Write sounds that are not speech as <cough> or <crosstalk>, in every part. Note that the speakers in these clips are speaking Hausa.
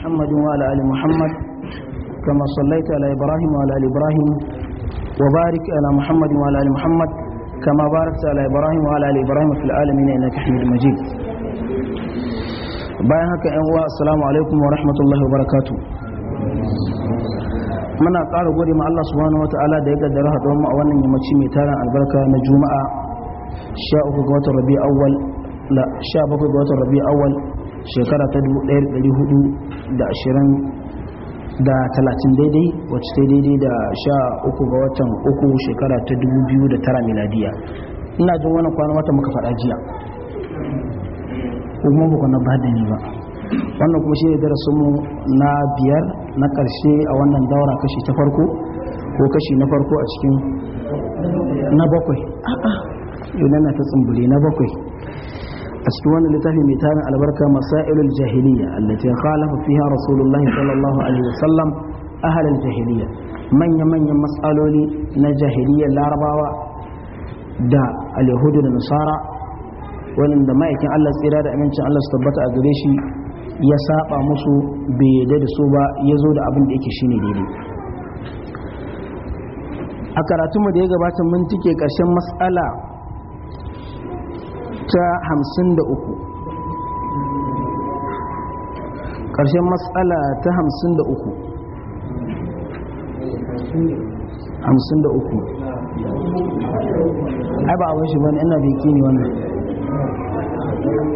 محمد وعلى آل محمد كما صليت على إبراهيم وعلى آل إبراهيم وبارك على محمد وعلى آل محمد كما باركت على إبراهيم وعلى آل إبراهيم في العالمين إنك حميد مجيد bayan haka yan uwa assalamu alaikum wa rahmatullahi wa barakatu muna ƙara gode ma Allah subhanahu wataala da ya kaddara haɗuwar mu a wannan yammaci mai tarin albarka na juma'a 13 ga watan rabi awwal la 17 ga watan rabi awwal shekara ta da ashirin da talatin daidai wacce sai daidai da sha uku ga watan uku shekara ta dubu biyu da tara miladiya ina jin wani kwanan watan muka faɗa jiya kuma ba kwanan ba da ni ba wannan kuma shi ne mu na biyar na ƙarshe a wannan daura kashi ta farko ko kashi na farko a cikin na bakwai a'a yau ta tsumbule na bakwai aske wannan littafi mai tarin albarka masailul jahiliya allati khalafa fiha rasulullahi sallallahu alaihi wasallam ahlul jahiliya manya manyan matsaloli na jahiliya larabawa da alyahudu da nasara wannan da ma'aikin Allah tsira da amincin Allah su tabbata a gare shi ya saɓa musu bai yarda da su ba ya zo da abin da yake shine daidai a karatunmu da ya gabata mun tike karshen matsala ta hamsin da uku ƙarshen matsala ta hamsin da uku hamsin da uku ai ba abin shi ba ina biki ne wannan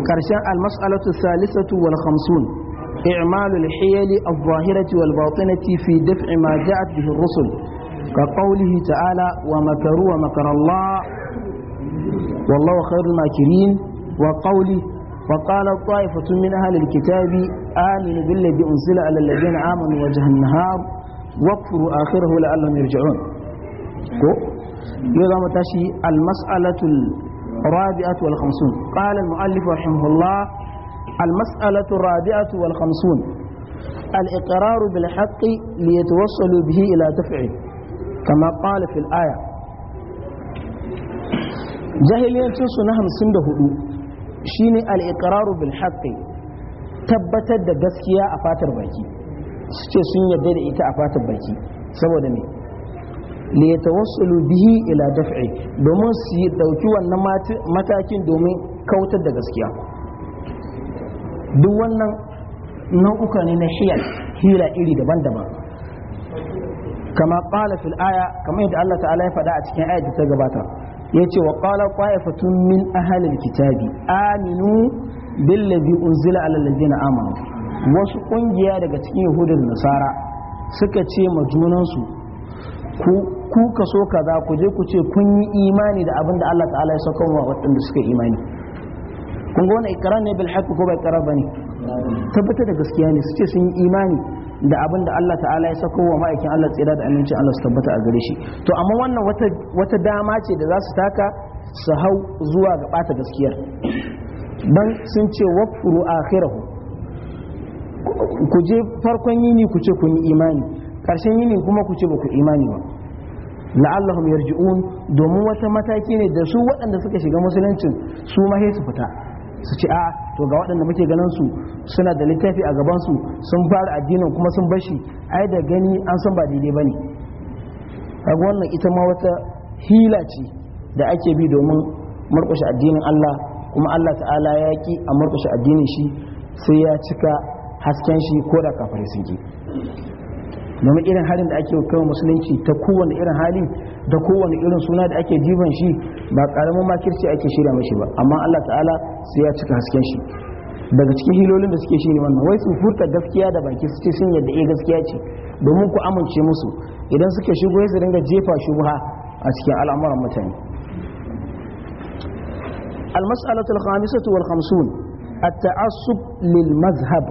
ƙarshen almas'alatu salisatu wal hamsun إعمال الحيل الظاهرة والباطنة في دفع ما جاءت به الرسل كقوله تعالى ومكروا ومكر الله والله خير الماكرين وقولي وقال طائفة من أهل الكتاب آمنوا بالذي أنزل على الذين آمنوا وجه النهار واكفروا آخره لعلهم يرجعون يلا متاشي المسألة الرابعة والخمسون قال المؤلف رحمه الله المسألة الرابعة والخمسون الإقرار بالحق ليتوصلوا به إلى دفعه كما قال في الآية su na hamsin da hudu shine al'iƙararu bil haqqi tabbatar da gaskiya a fatar baki su ce sun yarda da ita a fatar baki saboda me li yatawassulu bihi ila daf'i domin su yi dauki wannan matakin domin kautar da gaskiya duk wannan nau'uka ne na shiya hila iri daban-daban kama qala fil aya yadda Allah ta'ala ya faɗa a cikin ayat da ta gabata yace wa qala qa'ifatun min ahli alkitabi aminu billazi unzila ala alladhina amanu wasu kungiya daga cikin yahudin nasara suka ce ma junansu ku kaso kaza ku je ku ce kun yi imani da abinda da Allah ta'ala ya sauka wa waɗanda suka imani kun ga wani ikrar ne bil haqq ko ba ikrar bane tabbata da gaskiya ne su sun yi imani da abin da Allah ta'ala ya sako wa ma'aikin Allah tsira da amincin Allah su tabbata a gare shi to amma wannan wata dama ce da za su taka su hau zuwa ga bata gaskiyar dan sun ce waqfuru akhirahu ku je farkon yini ku ce ku yi imani karshen yini kuma ku ce ba ku imani ba la'allahum yarji'un domin wata mataki ne da su waɗanda suka shiga musuluncin su ma su fita su ce a to ga waɗanda muke ganin su suna da littafi a gaban su sun fara addinin kuma sun bar shi, ai da gani an san ba daidai bane kaga wannan ita ma wata hila ce da ake bi domin murƙushe addinin Allah kuma Allah ta'ala ya ki a murƙushe addinin shi sai ya cika hasken shi ko da kafare sun ki domin irin halin da ake kawo musulunci ta kowane irin hali da kowane irin suna da ake jiban shi ba karamin makirci ake shirya mashi ba amma Allah ta'ala sai ya cika hasken shi daga cikin hilolin da suke shine wannan wai su furta gaskiya da baki su ce sun yadda eh gaskiya ce domin ku amince musu idan suke shigo su dinga jefa shubha a cikin al'amuran mutane المسألة الخامسة والخمسون التعصب للمذهب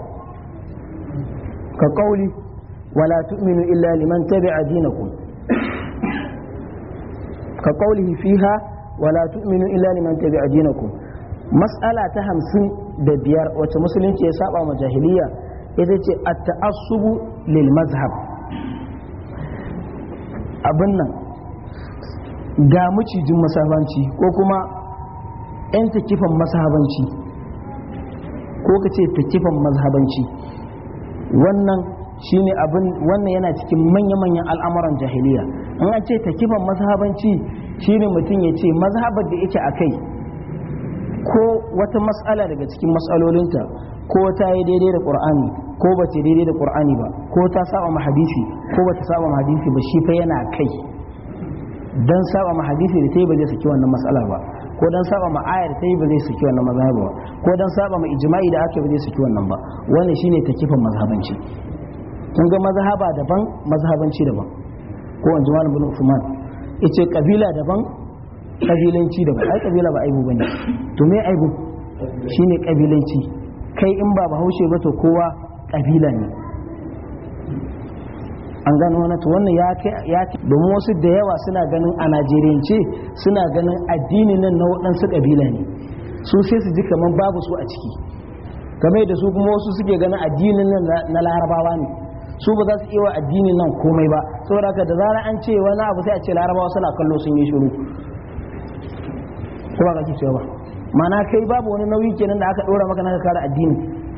كقولي ولا تؤمنوا إلا لمن تبع دينكم كقوله فيها ولا تؤمنوا إلا لمن تبع دينكم مسألة تهمسن دبيار وتمسلم تيسابة مجاهلية إذا التعصب للمذهب أبنى ga macijin masahabanci ko kuma 'yan takifan masahabanci ko ka ce takifan mazhabanci wannan shine abin wannan yana cikin manya-manyan al'amuran jahiliya in an ce takifan mazhabanci shine mutum ya ce mazhabar da yake a kai ko wata matsala daga cikin matsalolinta ko ta yi daidai da ƙur'ani ko ba ta daidai da ƙur'ani ba ko ta saba mahadisi hadisi ko ba ta saba mahadisi hadisi ba shi fa yana kai dan saba mahadisi hadisi da ta yi ba zai saki wannan matsalar ba ko dan saba ma ayar ta yi ba zai saki wannan mazhabar ba ko dan saba ma ijma'i da aka ba zai saki wannan ba wannan shine takifan mazhabanci kun ga mazhaba daban mazhabanci daban ko an jama'a bin usman yace kabila daban kabilanci daban ai kabila ba aibu bane to me aibu shine kabilanci kai in ba bahaushe ba to kowa kabila ne an gano wani to wannan ya ya domin wasu da yawa suna ganin a Najeriyance suna ganin addini nan na waɗansu kabila ne su sai su ji kamar babu su a ciki kamar da su kuma wasu suke ganin addinin nan na larabawa ne su ba za su iya wa addinin nan komai ba saboda haka da zarar an ce wani abu sai a ce larabawa suna kallo sun yi shiru kuma ga ki ba mana kai babu wani nauyi kenan da aka dora maka naka kare addini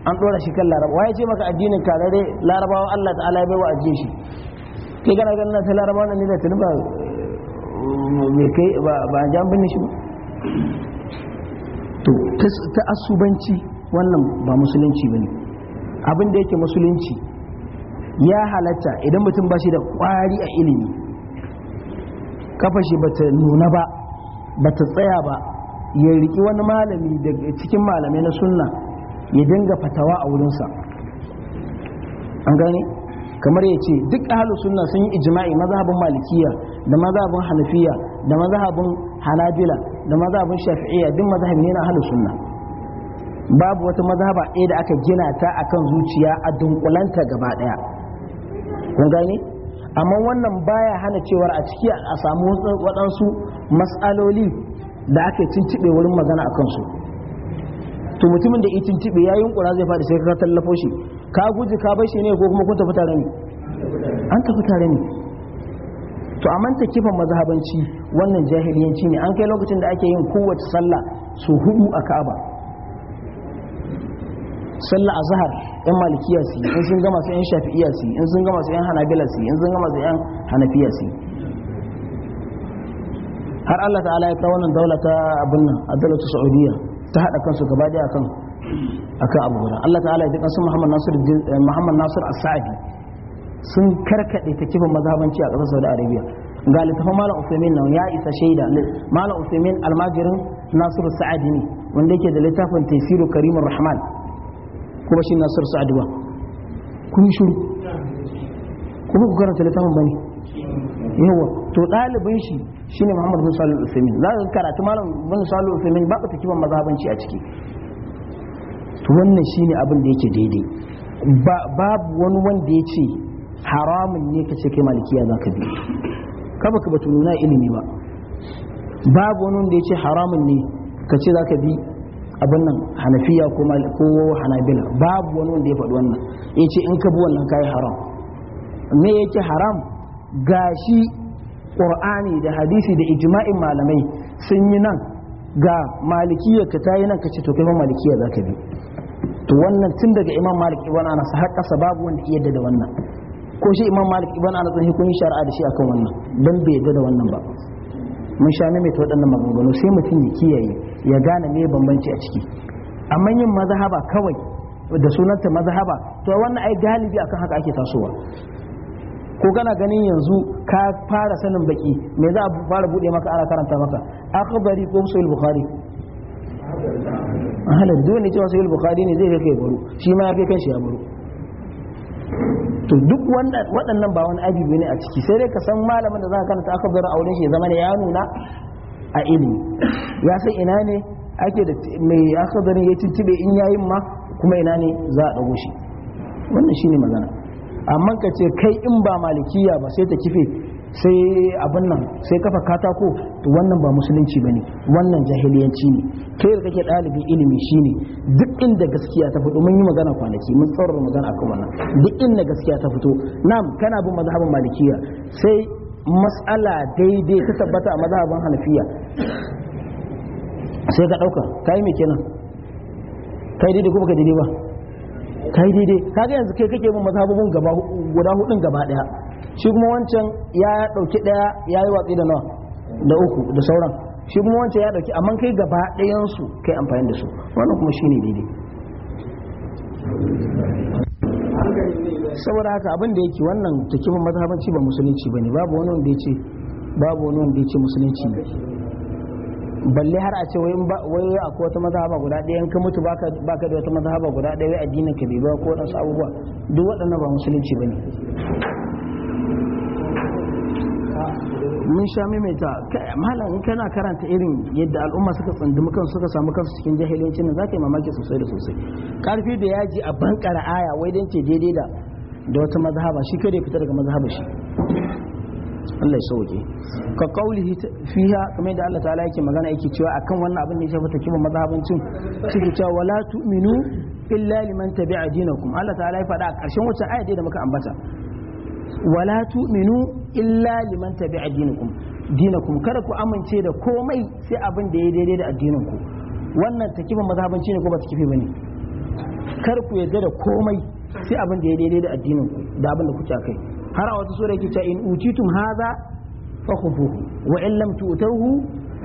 an dora shi kan larabawa ya ce maka addinin karare larabawa Allah ta'ala ya baiwa ajiye shi kai kana ganin ta larabawa nan ne da tuni ba me kai ba ba jan bin shi ba to ta asubanci wannan ba musulunci bane abin da yake musulunci ya halatta idan mutum ba shi da kwari a ilimi kafa shi ba ta nuna ba ba ta tsaya ba ya riki wani malami daga cikin malamai na sunna ya dinga fatawa a wurinsa an gane kamar ya ce duk ahalus sunna sun yi ijma'i mazhabin malikiya da mazhabin hanafiya da mazhabin hanabila da mazhabin shafi'iyya duk mazhabi ne na ahalus sunna babu wata mazhaba ɗaya da aka gina ta akan zuciya a dunkulanta gaba ɗaya kun gane amma wannan baya hana cewar a ciki a samu waɗansu matsaloli da ake cincibe wurin magana a kansu to mutumin da ya cincibe ya yi yunkura zai faɗi sai ka tallafo shi ka guji ka bai shi ne ko kuma kun tafi tare ne an tafi tare ne to amma ta kifa mazhabanci wannan jahiliyanci ne an kai lokacin da ake yin kowace sallah su hudu a ka'aba sallah azhar yan malikiya su in sun gama su yan shafi'iya su in sun gama su yan hanabila su in sun gama su yan hanafiya su har Allah ta'ala ya kawo wannan daula ta abin nan adalatu saudiya ta hada kansu gaba daya akan akan abu guda Allah ta'ala ya duka su Muhammad Nasir eh, Muhammad Nasir As-Sa'di sun karkade ta kifin mazhabanci a ƙasar Saudi Arabia ga littafin Malam Uthaymeen nan ya isa shaida Malam Uthaymeen almajirin Nasiru Sa'adi ne wanda yake da littafin Tafsirul Karimur Rahman kuma shi nasir sa'ad ba kun yi shiru kuma ku karanta littafin bane yawa to ɗalibin shi shine Muhammad bin Salih al-Uthaymeen za ka karatu malam bin Salih al-Uthaymeen ba ka take ban mazhabanci a ciki to wannan shine abin da yake daidai babu wani wanda ya ce haramun ne ka ce kai malikiya za ka bi ka baka batu nuna ilimi ba babu wani wanda ya ce haramun ne ka ce za ka bi abin nan hanafiya ko hanabila babu wani wanda ya faɗi wannan ya ce in ka bi wannan kayi haram me yake haram gashi ƙur'ani da hadisi da ijma'in malamai sun yi nan ga malikiya ka ta yi nan ka ce to kai malikiya za ka bi to wannan tun daga imam malik ibn anas har kasa babu wanda iya yadda da wannan ko shi imam malik ibn anas ne kun shari'a da shi akan wannan dan bai yadda da wannan ba mun sha mai waɗannan maganganu sai mutum ya kiyaye ya gane me bambanci a ciki amma yin mazahaba kawai da sunanta mazahaba to wannan ai galibi akan haka ake tasowa ko kana ganin yanzu ka fara sanin baki me za a fara bude maka ana karanta maka akhbari ko sahih bukhari halar dole ne cewa sahih bukhari ne zai kai baro shi ma ya kai kanshi ya baro to duk waɗannan ba wani abu ne a ciki sai dai ka san malamin da za ka karanta aka zara auren shi zama ne ya nuna a ilimi ya san ina ne ake da mai aka zara ya tuntube in yayin ma kuma ina ne za a ɗago shi wannan shine magana amma ka ce kai in ba malikiya ba sai ta kife sai abin nan sai kafa katako to wannan ba musulunci bane wannan jahiliyanci ne kai da kake ɗalibi ilimi shine duk inda gaskiya ta fito mun yi magana kwanaki mun tsaurara magana akan wannan duk inda gaskiya ta fito nam kana bin mazhabin malikiya sai mas'ala daidai ta tabbata a mazhabin hanafiya sai ka ɗauka kai me kenan kai daidai ko baka daidai ba kai daidai kaga yanzu kai kake bin mazhabin gaba guda hudun gaba daya shi kuma wancan ya dauki daya ya yi watsi da nawa da uku da sauran shi kuma wancan ya dauki amma kai gaba ɗayan su kai amfani da su wannan kuma shine daidai saboda haka abin da yake wannan takifin mazhabanci ba musulunci ne babu wani wanda ya ce babu wani wanda ya ce musulunci ne balle har a ce wai wai akwai wata mazhaba guda ɗaya in ka mutu baka baka da wata mazhaba guda ɗaya wai addinin ka bai ba ko wadansu abubuwa duk waɗannan ba musulunci ba ne. mun sha maimaita malam in kana karanta irin yadda al'umma suka tsandumi kansu suka samu kansu cikin jahilci nan zaka yi mamaki sosai da sosai karfi da yaji a bankara aya wai dan ce daidai da da wata mazhaba shi kare fita daga mazhaba shi Allah ya sauke ka kaulihi fiha kamar da Allah ta'ala yake magana yake cewa akan wannan abin ne ya shafi takibin mazhabancin suke cewa wala tu'minu illa liman tabi'a dinakum Allah ta'ala ya faɗa a ƙarshen wata aya da muka ambata wala tu'minu illa liman tabi'a dinakum kada ku amince da komai sai abin da ya daidai da addinin ku wannan takifin mazhabanci ne ko ba takifi bane kar ku yarda da komai sai abin da ya daidai da addinin ku da abin da kuke kai har a wata sura yake cewa in utitum hadha fakhufuhu wa in lam tu'tuhu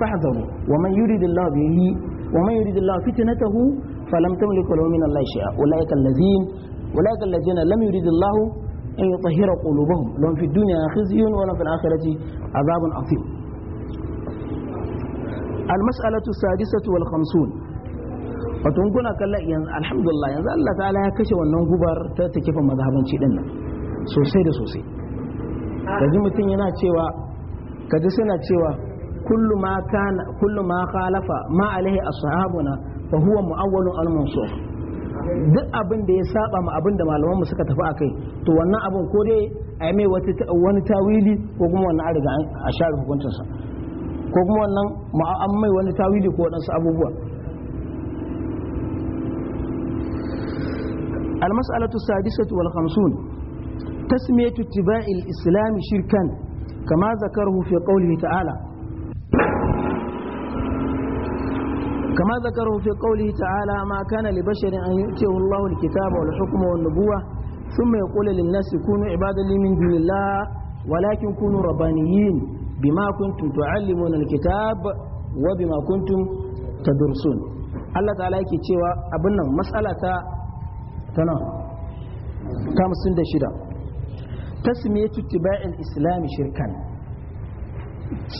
fahzaru wa man yuridillahu bihi wa man yuridillahu fitnatahu falam Allah lam yuridillahu أن يطهر قلوبهم لهم في الدنيا خزي ولهم في الآخرة عذاب عظيم المسألة السادسة والخمسون wato kuna kalla yanzu alhamdulillah yanzu Allah ta'ala ya kashe wannan gubar ta ta kifa mazhabanci din nan sosai da sosai kaji mutum yana cewa kaji suna cewa kullu ma kana kullu ma khalafa ma alaihi ashabuna fa huwa muawwalun al-mansur duk abin da ya saba ma abin da malaman mu suka tafi akai to wannan abin ko dai a yi mai wani tawili ko kuma wannan an riga a share hukuncin sa ko kuma wannan an mai wani tawili ko wadansu abubuwa المسألة السادسة khamsun تسمية اتباع islam shirkan kama ذكره fi قوله ta'ala كما ذكره في قوله تعالى ما كان لبشر أن يؤتيه الله الكتاب والحكم والنبوة ثم يقول للناس كونوا عبادا لي من دون الله ولكن كونوا ربانيين بما كنتم تعلمون الكتاب وبما كنتم تدرسون الله تعالى yake cewa abin nan matsala ta tana ta musun da shida tasmiyatu tiba'il islami shirkan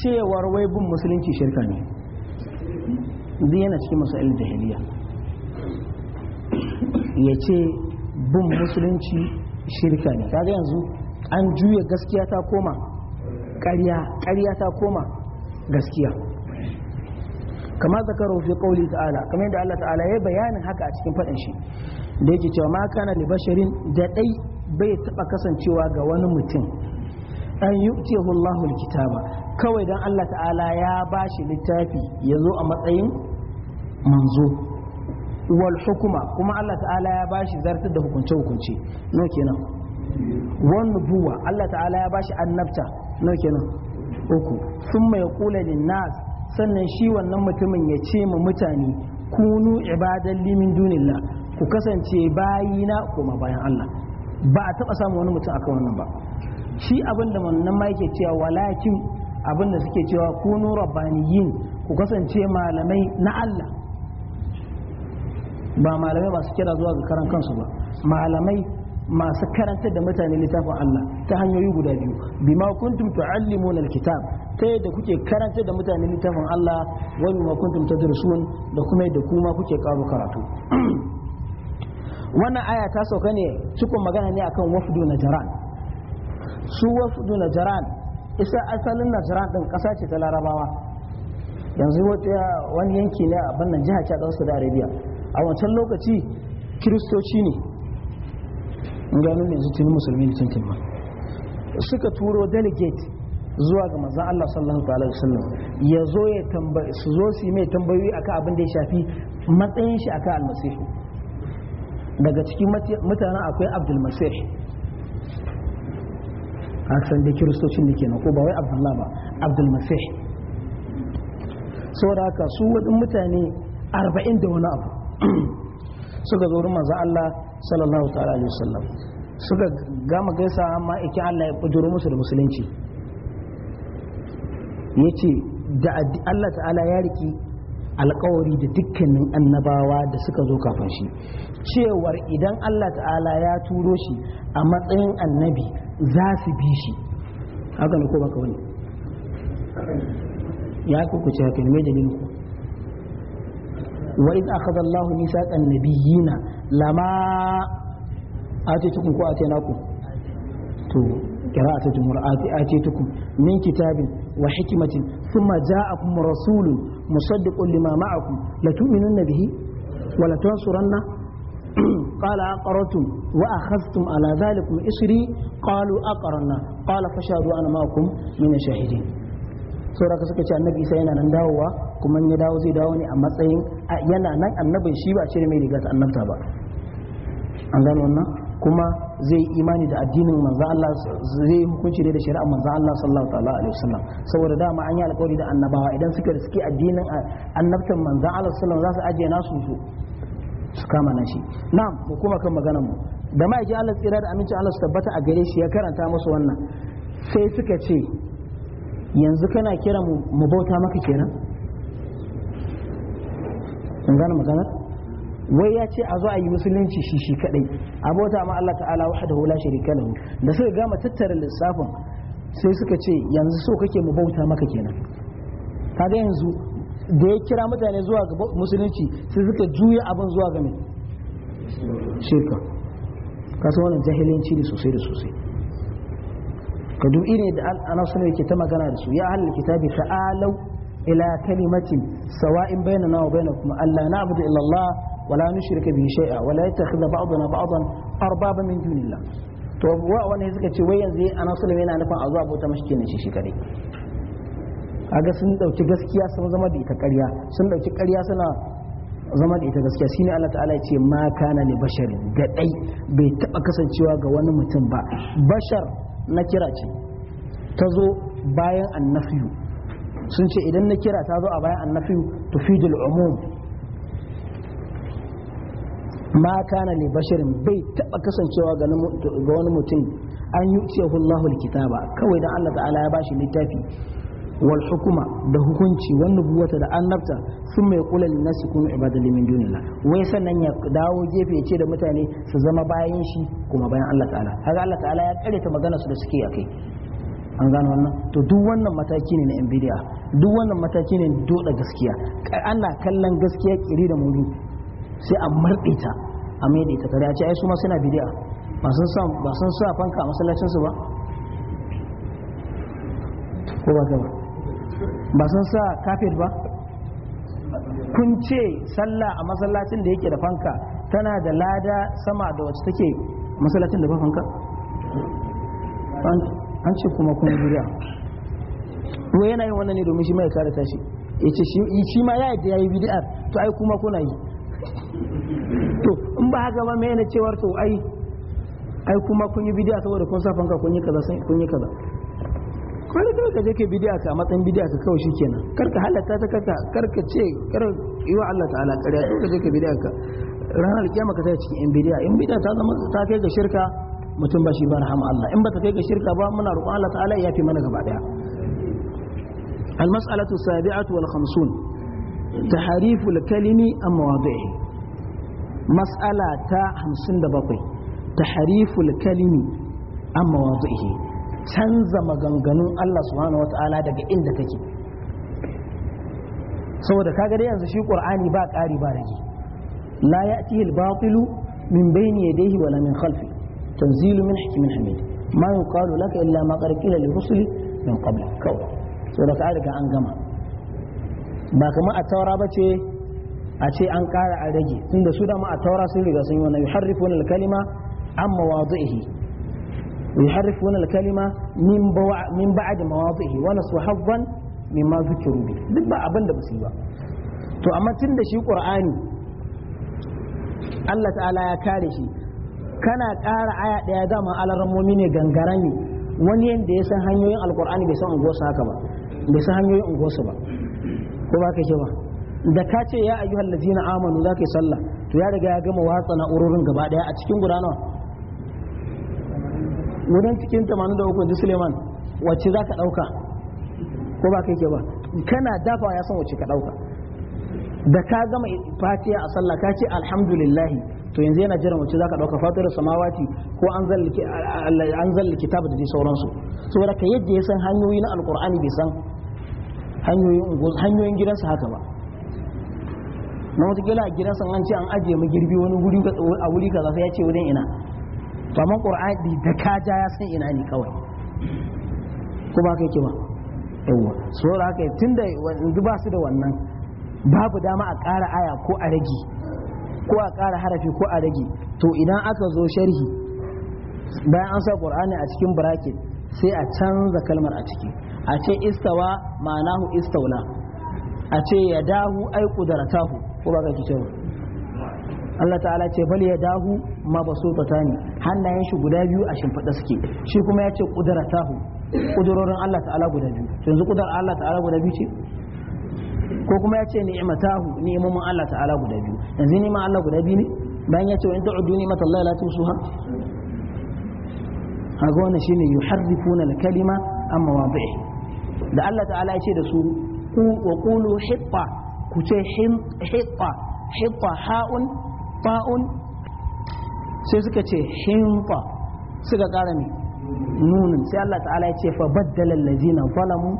cewar duk yana cikin masail jahiliya ya ce bin musulunci shirka ne kaga yanzu an juya gaskiya ta koma ƙarya ta koma gaskiya kama zakaru fi kauli ta'ala kamar yadda Allah ta'ala ya bayanin haka a cikin faɗin shi da yake cewa ma kana li basharin da dai bai taba kasancewa ga wani mutum an yu'tihu Allahu kitaba kawai dan Allah ta'ala ya bashi littafi ya zo a matsayin manzo wal hukuma kuma Allah ta'ala ya bashi zartar da hukunce hukunce no kenan wan nubuwa Allah ta'ala ya bashi annabta no kenan uku thumma yaqulu lin nas sannan shi wannan mutumin ya ce ma mutane kunu ibadan limin dunillah ku kasance bayina kuma bayan Allah ba a taba samun wani mutum akan wannan ba shi abin da wannan ma yake cewa walakin abinda suke cewa kunu rabbaniyin ku kasance malamai na Allah ba malamai masu kira zuwa ga karan kansu ba malamai masu karantar da mutane littafin Allah ta hanyoyi guda biyu bima kuntum tu'allimun alkitab ta yadda kuke karantar da mutane littafin Allah wa bima kuntum tadrusun da kuma yadda kuma kuke karo karatu wannan aya ta sauka ne cikin magana ne akan wafdu najran su wafdu najran isa asalin najran din kasa ce ta larabawa yanzu wani yanki ne a bannan jiha ce a da arabiya a wancan lokaci kiristoci ne gano ne yanzu tuni musulmi ne cikin ma suka turo delegate zuwa ga manzon Allah sallallahu alaihi wasallam ya zo ya tambaye su zo su yi mai tambayoyi akan abin da ya shafi matsayin shi akan almasih daga cikin mutanen akwai abdul masih san da kiristocin da kenan ko ba wai abdullah ba abdul masih saboda haka su wadin mutane arba'in da wani abu <coughs> suka zo wurin Allah sallallahu ta'ala alaihi wasallam suka gama gaisa amma ikin Allah ya bujuro musu da musulunci yace da Allah ta'ala ya riki alkawari da dukkanin annabawa da suka zo kafin shi cewar idan Allah ta'ala ya turo shi a matsayin annabi za su bi shi haka ne ko baka wani ya kukuce haka cewa mai dalilin ku وإذ أخذ الله ميثاق النبيين لما آتيتكم كو آتيناكم تو قراءة الجمهور آتيتكم من كتاب وحكمة ثم جاءكم رسول مصدق لما معكم لتؤمنن به ولتنصرن <clears throat> قال أقرتم وأخذتم على ذلكم إصري قالوا أقرنا قال فشهدوا أنا معكم من الشاهدين sauraka suka ce annabi isa yana nan dawowa kuma ya dawo zai dawo ne a matsayin yana nan annabin shi ba cire mai riga ta annabta ba an gano wannan kuma zai imani da addinin manzo Allah zai hukunci da shari'a manzo Allah sallallahu ta'ala alaihi wasallam saboda dama an yi alƙawari da annabawa idan suka riski addinin annabtan manzo Allah sallallahu za su ajiye nasu su su kama nan shi na'am mu kuma kan maganar mu da ma'aikin Allah tsira da aminci Allah su tabbata a gare shi ya karanta musu wannan sai suka ce yanzu kana kira mu bauta maka kenan In gane maganar wai ya ce a zo a yi musulunci shi shi kadai a bauta ma Allah ta'ala wahdahu la sharika lahu da suka gama tattara lissafin sai suka ce yanzu so kake mu bauta maka kenan kaga yanzu da ya kira mutane zuwa ga musulunci sai suka juya abin zuwa ga mai shirka kasu wannan jahilanci ne sosai da sosai ka dubi ne da ana suna yake ta magana da su ya ahlul kitabi ta'alau ila kalimatin sawa'in bainana wa bainakum alla na'budu illa Allah wa la nushrika bihi shay'a wa la yattakhidha ba'duna ba'dan arbaba min dunillah to wa wani suka ce wai yanzu ana suna yana nufin a zuwa bauta mashi kenan shi shi kadai kaga sun dauki gaskiya sun zama da ita ƙarya sun dauki ƙarya suna zama da ita gaskiya shine Allah ta'ala ya ce ma kana li basharin ga dai bai taba kasancewa ga wani mutum ba bashar na kira ce ta zo bayan annafiyu sun ce idan na kira ta zo a bayan annafiyu tufidul umum ma na ne basharin bai taba kasancewa ga wani mutum an yi ce Allahu kitaba kawai don Allah ta'ala ya ba shi littafi wal hukuma da hukunci wani nubuwata da annabta sun mai kula lin nasi kunu ibadan min dunillah wai sannan ya dawo gefe ya ce da mutane su zama bayan shi kuma bayan Allah ta'ala haka Allah ta'ala ya kare ta magana su da suke a kai an gano wannan to duk wannan mataki ne na yan duk wannan mataki ne doda gaskiya ana kallon gaskiya kiri da muni sai a marɗe ta a maida ta tare a ce ai su ma suna bidi'a ba sun sa ba sun sa fanka a masallacin su ba ko ba ba ba sun sa kafet ba kun ce sallah a masallacin da yake da fanka tana da lada sama da wacce take masallacin da ba fanka an ce kuma kuma juriya to yana yin wannan ne domin shi mai kare tashi yace shi shi ma ya yadda yayi bid'a to ai kuma kuna yi to in ba haka ba me ne cewar to ai ai kuma kun yi bid'a saboda kun sa fanka kun yi kaza kun yi kaza kawai kawai ka je kai bidiya ka matsayin bidiya ka kawai shi kenan karka halatta ta karka karka ce kar yi wa Allah ta'ala ƙarya to ka je kai bidiya ka ranar kiyama ka sai cikin in bidiya in bidiya ta zama ta kai ga shirka mutum ba shi ba rahama Allah in ba ta kai ga shirka ba muna roƙon Allah ta'ala ya fi mana gaba daya المسألة السابعة والخمسون تحريف الكلم عن مواضعه مسألة تا 57 دبقي تحريف الكلم عن مواضعه canza maganganun Allah subhanahu wata'ala daga inda take saboda kaga dai yanzu shi qur'ani ba ƙari ba rage la ya'tihi al-batil min bayni yadayhi wala min khalfi tanzilu min hikmin hamid ma yuqalu laka illa ma qad qila lirusuli min qabl kawai saboda ka riga an gama ba kamar a taura ba ce a ce an ƙara a rage tunda su da ma a taura sun riga sun yi wannan yuharrifuna al-kalima amma mawadi'ihi ويحرفون الكلمة من من بعد مواضعه ونسوا حظا مما ذكروا به ba abin da أما yi ba to da shi qur'ani Allah ta'ala ya kare shi kana kara aya ɗaya dama alarammomi ne gangarami wani yadda ya san hanyoyin alkur'ani bai san unguwarsa haka ba da ka ce ya ayyuhal ladina amanu za ka yi sallah to ya riga ya gama watsa na'urorin gaba daya a cikin guda wurin cikin 83 ji suleiman wacce za ka ɗauka ko ba kai ke ba kana dafa ya san wacce ka ɗauka da ka gama fatiya a sallah ka ce alhamdulillahi to yanzu yana jiran wacce za ka ɗauka fatar samawati ko an zalli kitab da dai sauransu saboda ka yadda ya san hanyoyi na alkur'ani bai san hanyoyin gidansa haka ba na gila a gidansa an ce an ajiye magirbi wani wuri a wuri kaza sai ya ce wurin ina to amma qur'ani da kaja ya san ina ne kawai ko ba kai ke ba yawa so da tunda yanzu ba su da wannan babu dama a ƙara aya ko a rage ko a ƙara harafi ko a rage to idan aka zo sharhi bayan an sa qur'ani a cikin bracket sai a canza kalmar a ciki a ce istawa ma'anahu istaula a ce ya dahu ai kudaratahu ko ba ka ki cewa Allah ta'ala ce bal ya dahu mabasutatani hannayen shi guda biyu a shimfiɗa suke shi kuma ya ce qudratahu kudurorin Allah ta'ala guda biyu yanzu kudar Allah ta'ala guda biyu ce ko kuma ya ce ni'matahu ni'imomin Allah ta'ala guda biyu yanzu ni ma Allah guda biyu ne bayan ya ce wa in ta'uddu ni'matallahi la tusuha kaga wannan shine yuharrifuna al-kalima amma mawadi'i da Allah ta'ala ya ce da su ku wa qulu hiqqa ku ce hiqqa hiqqa ha'un ta'un sai suka ce hinta suka ƙara ne nunin sai Allah ta'ala ya ce fa baddala allazina zalamu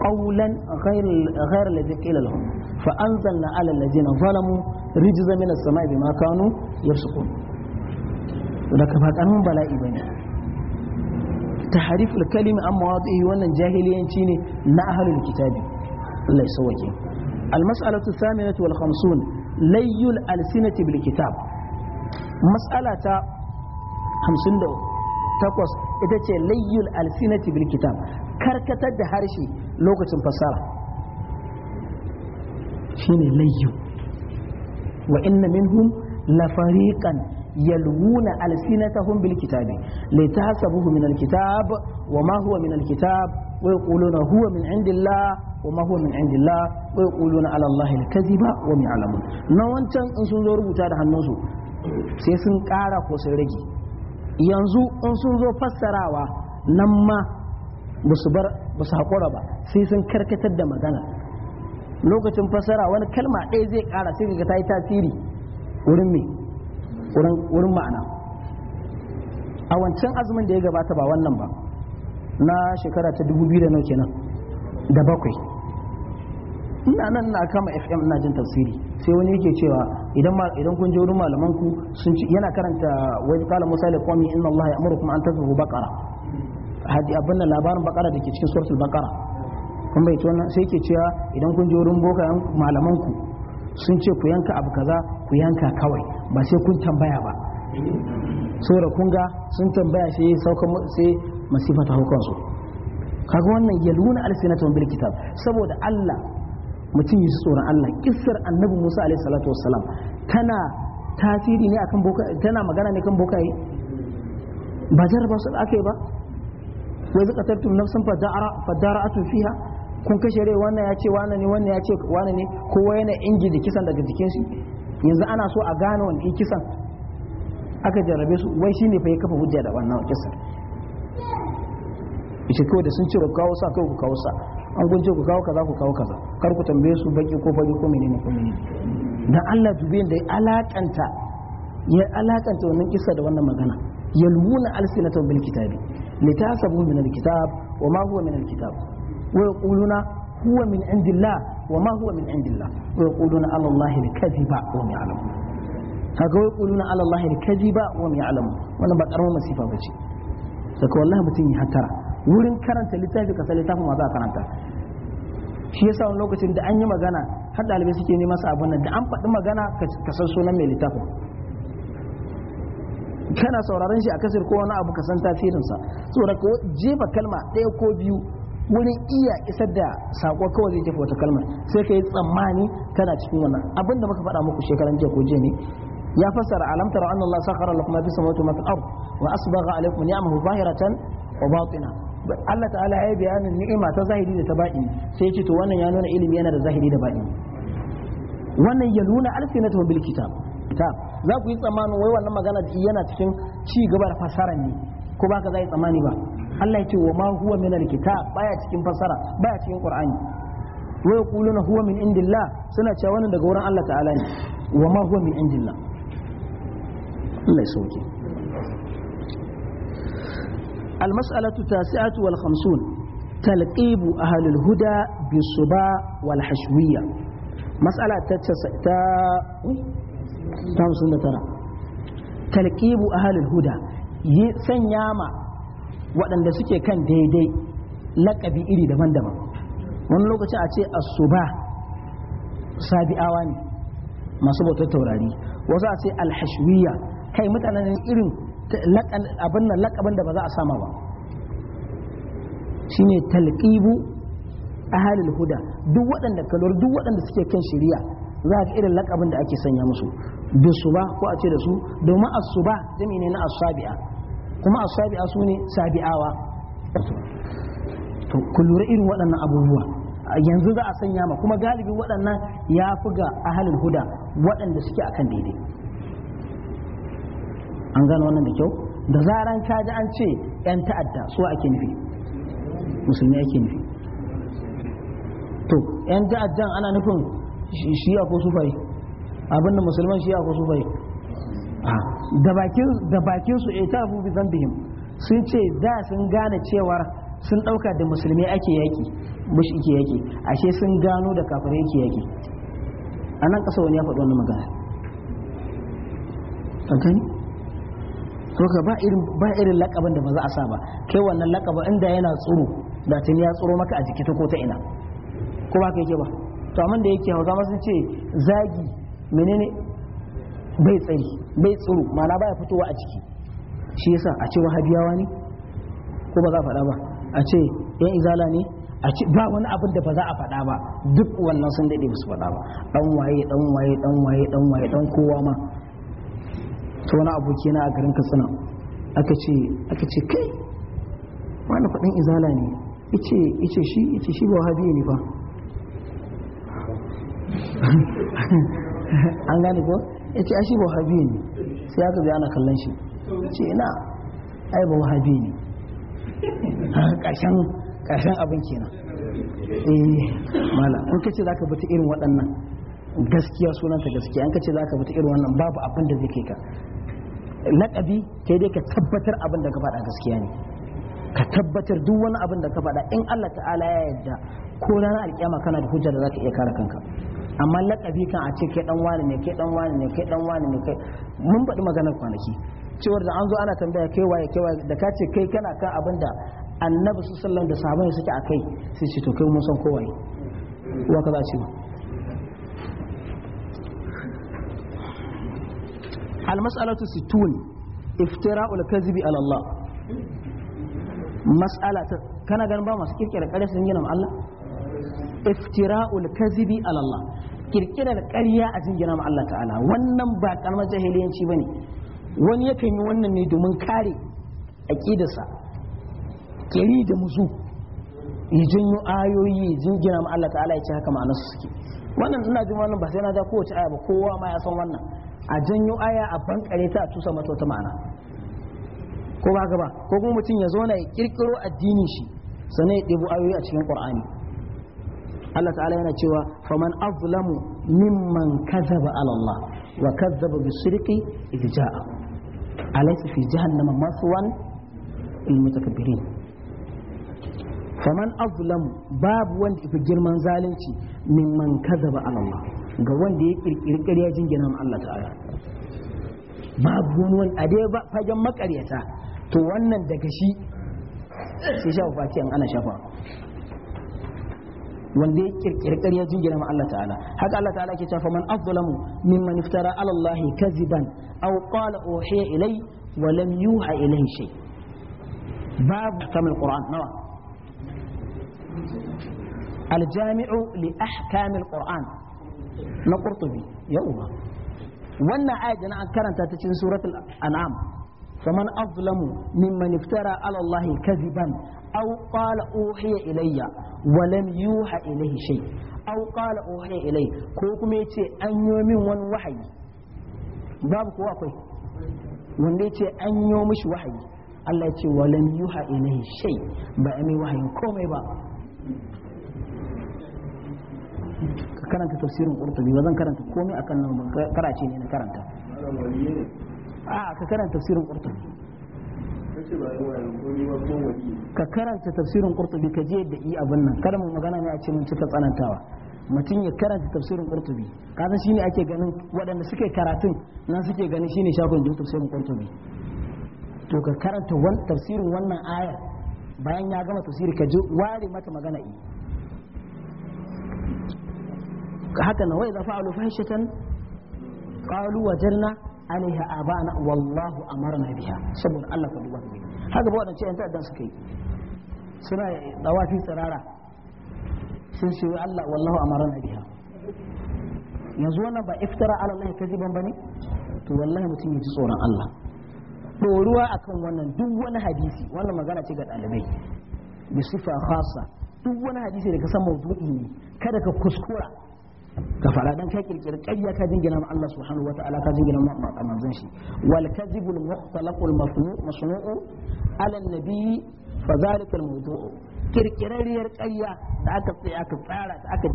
qawlan ghayra alladhi qila lahum fa anzalna ala allazina zalamu rijzan min samai bima kanu yafsukun da ka ba bala'i bane tahrif al-kalimi an mawadi'i wannan jahiliyanci ne na ahlul kitabi Allah ya sauke al-mas'alatu thaminatu wal khamsun layyul alsinati bil matsala ta 58 ita ce layyul alsinati bil kitab karkatar da harshe lokacin fassara shine layyu wa inna minhum la fariqan yalwuna alsinatahum bil kitabi litahsabuhu min al kitab wa ma huwa min al kitab wa yaquluna huwa min indillah wa ma huwa min indillah wa yaquluna ala allahi al kadhiba wa ma ya'lamun na wancan in sun zo rubuta da hannunsu sai sun ƙara ko sun rage yanzu in sun zo fassarawa nan ma ba su haƙura ba sai sun karkatar da magana lokacin fassara wani kalma ɗaya zai ƙara sai ga ta yi tasiri wurin mai wurin ma'ana a wancan azumin da ya gabata ba wannan ba na shekara ta dubu biyu da nau kenan da bakwai ina nan na kama fm ina jin tasiri sai wani yake cewa idan idan kun je wurin malaman ku sun ci yana karanta wa qala musa li qawmi inna allaha ya'murukum an tadhbu baqara hadi abin nan labarin baqara dake cikin suratul baqara kun bai to sai yake cewa idan kun je wurin bokayen malaman ku sun ce ku yanka abu kaza ku yanka kawai ba sai kun tambaya ba saboda kun ga sun tambaya sai sauka sai masifa ta hukansu kaga wannan yaluna alsinatun bil kitab saboda Allah mutum su tsoron Allah kissar annabi Musa alaihi salatu wassalam tana tasiri ne akan boka tana magana ne kan bokaye ba jarraba su aka yi ba wai zaka na nafsan fadara fadara'atu fiha kun kashe rai wannan ya ce wannan ne wannan ya ce wannan ne kowa yana da kisan daga jikin shi yanzu ana so a gane wani kisan aka jarrabe su wai shine fa ya kafa hujja da wannan kisan ishe kawai da sun cire kawo sa kawai ku kawo sa an kun ce ku kawo kaza ku kawo kaza kar ku tambaye su baki ko fari ko menene ko menene Da Allah dubiyan da ya alakanta ya alakanta wannan kissa da wannan magana yalmuna alsinatahum bil kitabi litasabu min al kitab wa ma huwa min al kitab wa yaquluna huwa min indillah wa ma huwa min indillah wa yaquluna ala allahi al kadhiba wa ma ya'lamu kaga wa yaquluna ala allahi al kadhiba wa ma ya'lamu wannan ba karamin masifa bace saka wallahi mutun ya hatara wurin karanta littafi ka san littafin ma a karanta shi yasa wani lokacin da an yi magana har ɗalibai suke neman su abin nan da an faɗi magana ka san sunan mai littafin kana sauraron shi a kasir ko wani abu ka san tasirinsa saboda ko jefa kalma ɗaya ko biyu wurin iya isar da sako kawai zai jefa wata kalma, sai ka yi tsammani tana cikin wannan abin da muka faɗa muku shekaran jiya ko jiya ne ya fassara alam tara anna Allah sakhara lakum ma fis samawati wa ma fil ard wa asbagha alaykum ni'amahu zahiratan wa batina Allah ta'ala ya yi bayanin ni'ima ta zahiri da ta baɗi sai ce to wannan ya nuna ilimi yana da zahiri da baɗi wannan ya nuna alfinatu bil kitab ta za ku yi tsammanin wai wannan magana yana cikin ci gaba da fasara ne ko ba ka za yi tsammani ba Allah ya ce wa ma huwa min al kitab baya cikin fasara baya cikin qur'ani wa yaquluna huwa min indillah suna cewa wannan daga wurin Allah ta'ala ne wa ma huwa min indillah Allah ya sauke المسألة التاسعة والخمسون تلقيب أهل الهدى بالصبا والحشوية مسألة تتسع ترى تلقيب أهل الهدى سنياما waɗanda suke kan daidai laƙabi iri daban-daban wani lokaci a ce asuba sabi'awa ne masu bautar taurari wasu a ce alhashwiya kai mutanen irin abin nan lakabin da ba za a sama ba shine talqibu ahalul huda duk waɗanda kalor duk waɗanda suke kan shari'a za ka irin lakabin da ake sanya musu da ba ko a ce da su domin as-suba jami ne na asabi'a kuma asabi'a su ne sabi'awa to ku lura irin waɗannan abubuwa yanzu za a sanya ma kuma galibi waɗannan ya fi ga ahalul huda waɗanda suke akan daidai an gano wannan da kyau da zaran ka ji an ce yan ta'adda su ake nufi musulmi ake nufi to yan ta'addan ana nufin shiya ko sufai abinda musulman shiya ko sufai ah, da bakin su ita eh, abu bi zambihim sun ce da sun gane cewar sun dauka da musulmi ake yaki bush ake yaki ashe sun gano da kafirai ake yaki a nan wani ya faɗi wani magana to ka ba irin ba lakaban da ba za a sa ba kai wannan lakaba inda yana tsoro da tun ya tsoro maka a jiki ta ko ta ina ko ba ka yake ba to amma da yake hausa sun ce zagi menene bai tsari bai tsoro ma'ana baya fitowa a jiki shi yasa a ce wahabiyawa ne ko ba za a faɗa ba a ce yan izala ne a ce ba wani abin da ba za a faɗa ba duk wannan sun daɗe ba su faɗa ba ɗan waye ɗan waye ɗan waye ɗan waye ɗan kowa ma ta wani aboki na a garin katsina aka ce kai wani kudin izala ne ice shi ice shi ba wahabiya ne ba <laughs> an gane ko ice ce shi ba wahabiya ne sai aka biya ana kallon shi ce ina ai ba wahabiya ne ƙarshen <laughs> abin kenan eh mala in kace za ka bata irin waɗannan gaskiya sunanta gaskiya an kace za ka bata irin wannan babu abin da zai kai ka laƙabi kai dai ka tabbatar abin da ka faɗa gaskiya ne ka tabbatar duk wani abin da ka faɗa in Allah ta'ala ya yarda ko ranar alƙiyama kana da hujja da zaka iya kare kanka amma laƙabi kan a ce kai dan wani ne kai dan wani ne kai dan wani ne kai mun faɗi maganar kwanaki cewar da an zo ana tambaya kai waye kai waye da ka ce kai kana kan abin da annabi sallallahu alaihi wasallam da sahabbai suke akai sai ce to kai mun san ne wa ka za almas'alatu sittun iftira'ul kadhibi ala Allah mas'ala kana ganin ba masu kirkira ƙarya sun gina ma Allah iftira'ul kadhibi ala Allah kirkirar ƙarya a jingina ma Allah ta'ala wannan ba kalmar jahiliyanci bane wani yakan yi wannan ne domin kare aqidarsa kiri da muzu ya janyo ayoyi ya jingina ma Allah ya ce haka ma'anar suke wannan ina jin wannan ba sai na kowace ayaba kowa ma ya san wannan a janyo aya a bankare ta a tusa mata wata ma'ana ko ba gaba ba ko kuma mutum ya zauna ya kirkiro addinin shi sannan ya ɗebo ayoyi a cikin ƙur'ani. Allah ta'ala yana cewa faman azlamu mimman kazaba ala Allah wa kazaba bi sirqi idh ja'a alaysa fi jahannama maswan lil mutakabbirin faman azlamu babu wanda ita girman zalunci mimman kazaba ala Allah ga wanda ya kirkiri ƙarya jingina ma Allah ta'ala babu wani a dai ba fagen makaryata to wannan daga shi sai shafa fatiyan ana shafa wanda ya kirkiri ƙarya jingina ma Allah ta'ala haka Allah ta'ala ke cewa man azlamu mimman iftara ala Allah kaziban aw qala uhiya ilai wa lam yuha ilayhi shay babu kamar Qur'an nawa الجامع لأحكام القرآن na ya uba wannan aya da an karanta ta cikin suratul an'am faman azlamu mimman iftara ala allahi kadhiban aw qala uhiya ilayya wa lam yuha ilayhi shay aw qala uhiya ilayya ko kuma yace an yi min wani wahayi babu ko akwai wanda yace an yi mishi wahayi Allah ya ce wa lam yuha ilayhi shay ba mai wahayin komai ba ka karanta tafsirin qurtubi ba zan karanta komai akan nan ban karace ne na karanta a ka karanta tafsirin qurtubi ka karanta tafsirin qurtubi ka je da iya abin nan kada mu magana ne a ce mun cika tsanantawa mutum ya karanta tafsirin qurtubi kasan shine ake ganin waɗanda suke karatun nan suke ganin shine shafin jin tafsirin qurtubi to ka karanta tafsirin wannan aya bayan ya gama tafsiri ka je ware mata magana i haka na wai za fa'alu fahishatan qalu wajanna alaiha abana wallahu amarna biha saboda Allah ku duba haka ba wadannan yan ta'addan suka yi suna dawafi tsirara sun ce Allah wallahu amarna biha yanzu wannan ba iftara ala Allah kadiban bane to wallahi mutum ya ji tsoron Allah doruwa akan wannan duk wani hadisi wannan magana ce ga dalibai bi sifa khassa duk wani hadisi da ka san mawdu'i ne kada ka kuskura ka faɗa dan kai kirkiri ƙarya ka jingina ma Allah subhanahu wataala ka jingina ma manzon shi wal kadhibul mukhtalaqul masnu'u ala an-nabi fa zalika al-mawdu'u kirkirariyar ƙarya da aka tsaya aka tsara da aka